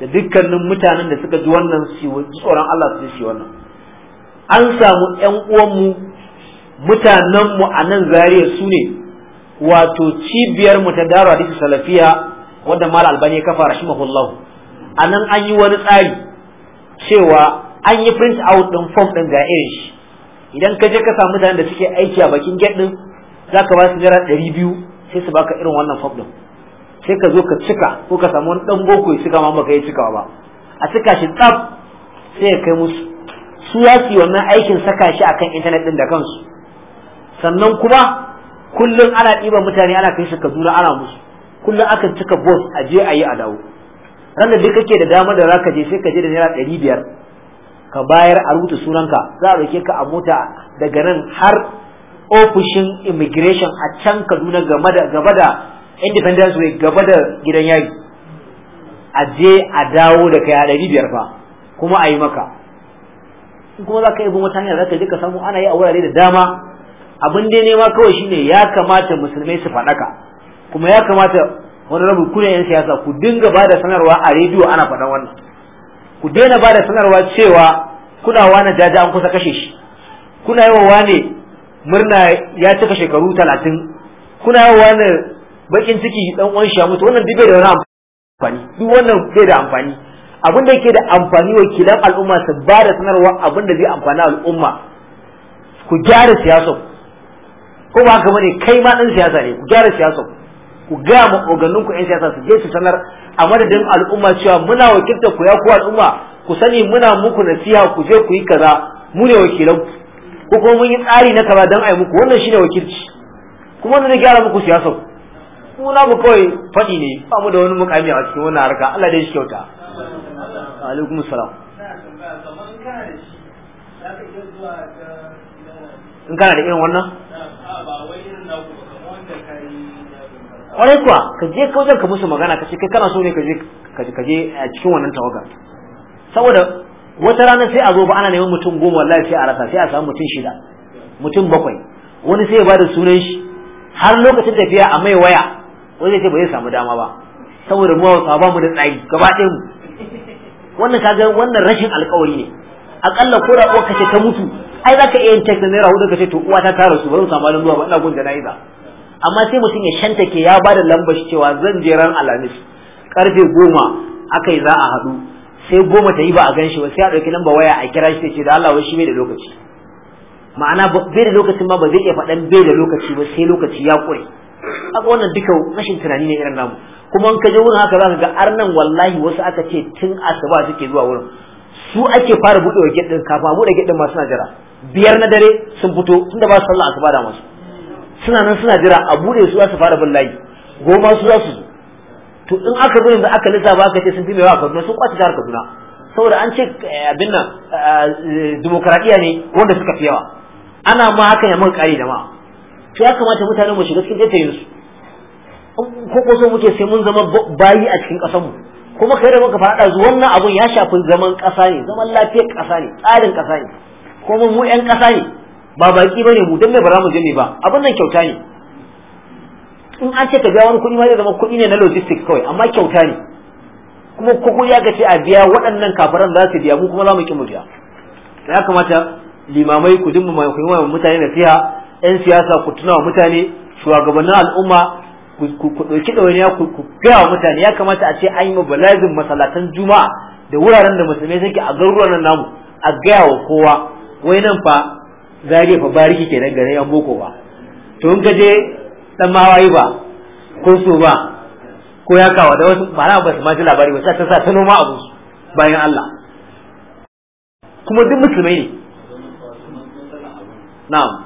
A: da dukkanin mutanen da suka ji wannan tsoron Allah su shi wannan an samu ƴan uwanmu mutanenmu a nan zariya su ne wato cibiyar mu ta daru hadisi salafiya wanda mal albani ya kafa rahimahullahu a nan an yi wani tsari cewa an yi print out din form din ga irin shi idan ka je ka samu mutanen da suke aiki a bakin gate din zaka ba su jira ɗari biyu sai su baka irin wannan form din sai ka zo ka cika ko ka samu wani dan boko ya cika ma baka yi cikawa ba a cika shi tsaf sai ya kai musu su ya su wannan aikin saka shi akan intanet din da kansu sannan kuma kullum ana ɗiban mutane ana kai shi kaduna ana musu kullum akan cika bus a je a yi a dawo ran da duk kake da dama da za ka je sai ka je da naira ɗari biyar ka bayar a rubuta sunanka za a ɗauke ka a mota daga nan har ofishin immigration a can kaduna gaba da independence way gaba da gidan yari a je a dawo da kai a ɗari biyar fa kuma a yi maka in kuma za ka yi wata hanyar za ka je ka samu ana yi a wurare da dama abin dai ma kawai shine ya kamata musulmai su faɗaka kuma ya kamata wani rabu kuna yan siyasa ku dinga ba da sanarwa a rediyo ana faɗan wannan ku daina ba da sanarwa cewa kuna wani jaja an kusa kashe shi kuna yi wa murna ya cika shekaru talatin kuna yi wa bakin ciki dan uwan shi ya mutu wannan duk bai da wani amfani duk wannan bai da amfani abin da yake da amfani wakilan al'umma su ba da sanarwa abin da zai amfani al'umma ku gyara siyasa ko ba haka bane kai ma dan siyasa ne ku gyara siyasa ku ga ma ogannin ku yan siyasa su je su sanar a madadin al'umma cewa muna wakiltar ku ya ku al'umma ku sani muna muku nasiha ku je ku yi kaza mu ne wakilan ku ko kuma mun yi tsari na kaza dan ai muku wannan shine wakilci kuma wannan ne gyara muku siyasa suna na mu kawai faɗi ne ba mu da wani mukami a cikin wannan harka Allah dai shi kyauta alaikum salam in kana da irin wannan kwarai kuwa ka je ka wajen ka musu magana ka ce kai kana so ne ka je a eh, cikin wannan tawaga saboda wata rana sai a zo ba ana neman mutum goma wallahi sai a rasa sai a samu mutum shida mutum bakwai wani sai ya bada sunan shi har lokacin tafiya a mai waya wani zai ce ba zai samu dama ba saboda mu hausa ba mu da tsari gaba ɗaya mu wannan kaga wannan rashin alkawari ne akalla ko rabuwa kace ta mutu ai za ka iya yin tek da naira hudu kace to uwa ta tara su ba zan samu zuwa ba ina gun jana'iza amma sai mutum ya shanta ke ya bada lambar cewa zan je ran alhamis karfe goma aka yi za a haɗu sai goma ta yi ba a gan shi ba sai a ɗauki lamba waya a kira shi ce da Allah wai shi bai da lokaci ma'ana bai da lokacin ba ba zai iya faɗan bai da lokaci ba sai lokaci ya ƙure aka wannan duka rashin tunani ne irin namu kuma an ka je wurin haka zaka ga arnan wallahi wasu aka ce tun asuba suke zuwa wurin su ake fara buɗe wa gidin a buɗe gidin ma suna jira biyar na dare sun fito tunda ba su sallah asuba da masu suna nan suna jira a buɗe su za su fara bin layi goma su za su to in aka zo yanzu aka lissafa aka ce sun fi a Kaduna sun kwace jihar Kaduna saboda an ce eh, abin nan eh, eh, dimokuraɗiyya ne wanda suka fi yawa ana ma hakan ya mun ƙari da ma to ya kamata mutane mu shiga cikin taitayin su ko ko so muke sai mun zama bayi a cikin ƙasar mu kuma kai da muka faɗa zuwa wannan abun ya shafi zaman ƙasa ne zaman lafiyar ƙasa ne tsarin ƙasa ne kuma mu ƴan ƙasa ne ba baki bane mu dan me ba za mu je ne ba abin nan kyauta ne in an ce ka biya wani kuɗi ma zai zama kuɗi ne na logistics kawai amma kyauta ne kuma ko ya ga ce a biya waɗannan kafaran za su biya mu kuma za mu ki mu biya ya kamata limamai ku dinmu mai mutane nasiha. fiya 'yan siyasa ku tuna wa mutane shugabannin al'umma ku ɗauki ɗawainiya ku gaya wa mutane ya kamata a ce an yi mobilizing masallatan juma'a da wuraren da musulmai suke a garuruwan nan namu a gaya wa kowa wai nan fa zariya fa bariki nan gare yan boko ba to in ka je dan mawayi ba ko so ba ko ya kawo da wasu ma'ana ba su ma ji labari ba sai ta sa ta noma abu bayan Allah kuma duk musulmai ne na'am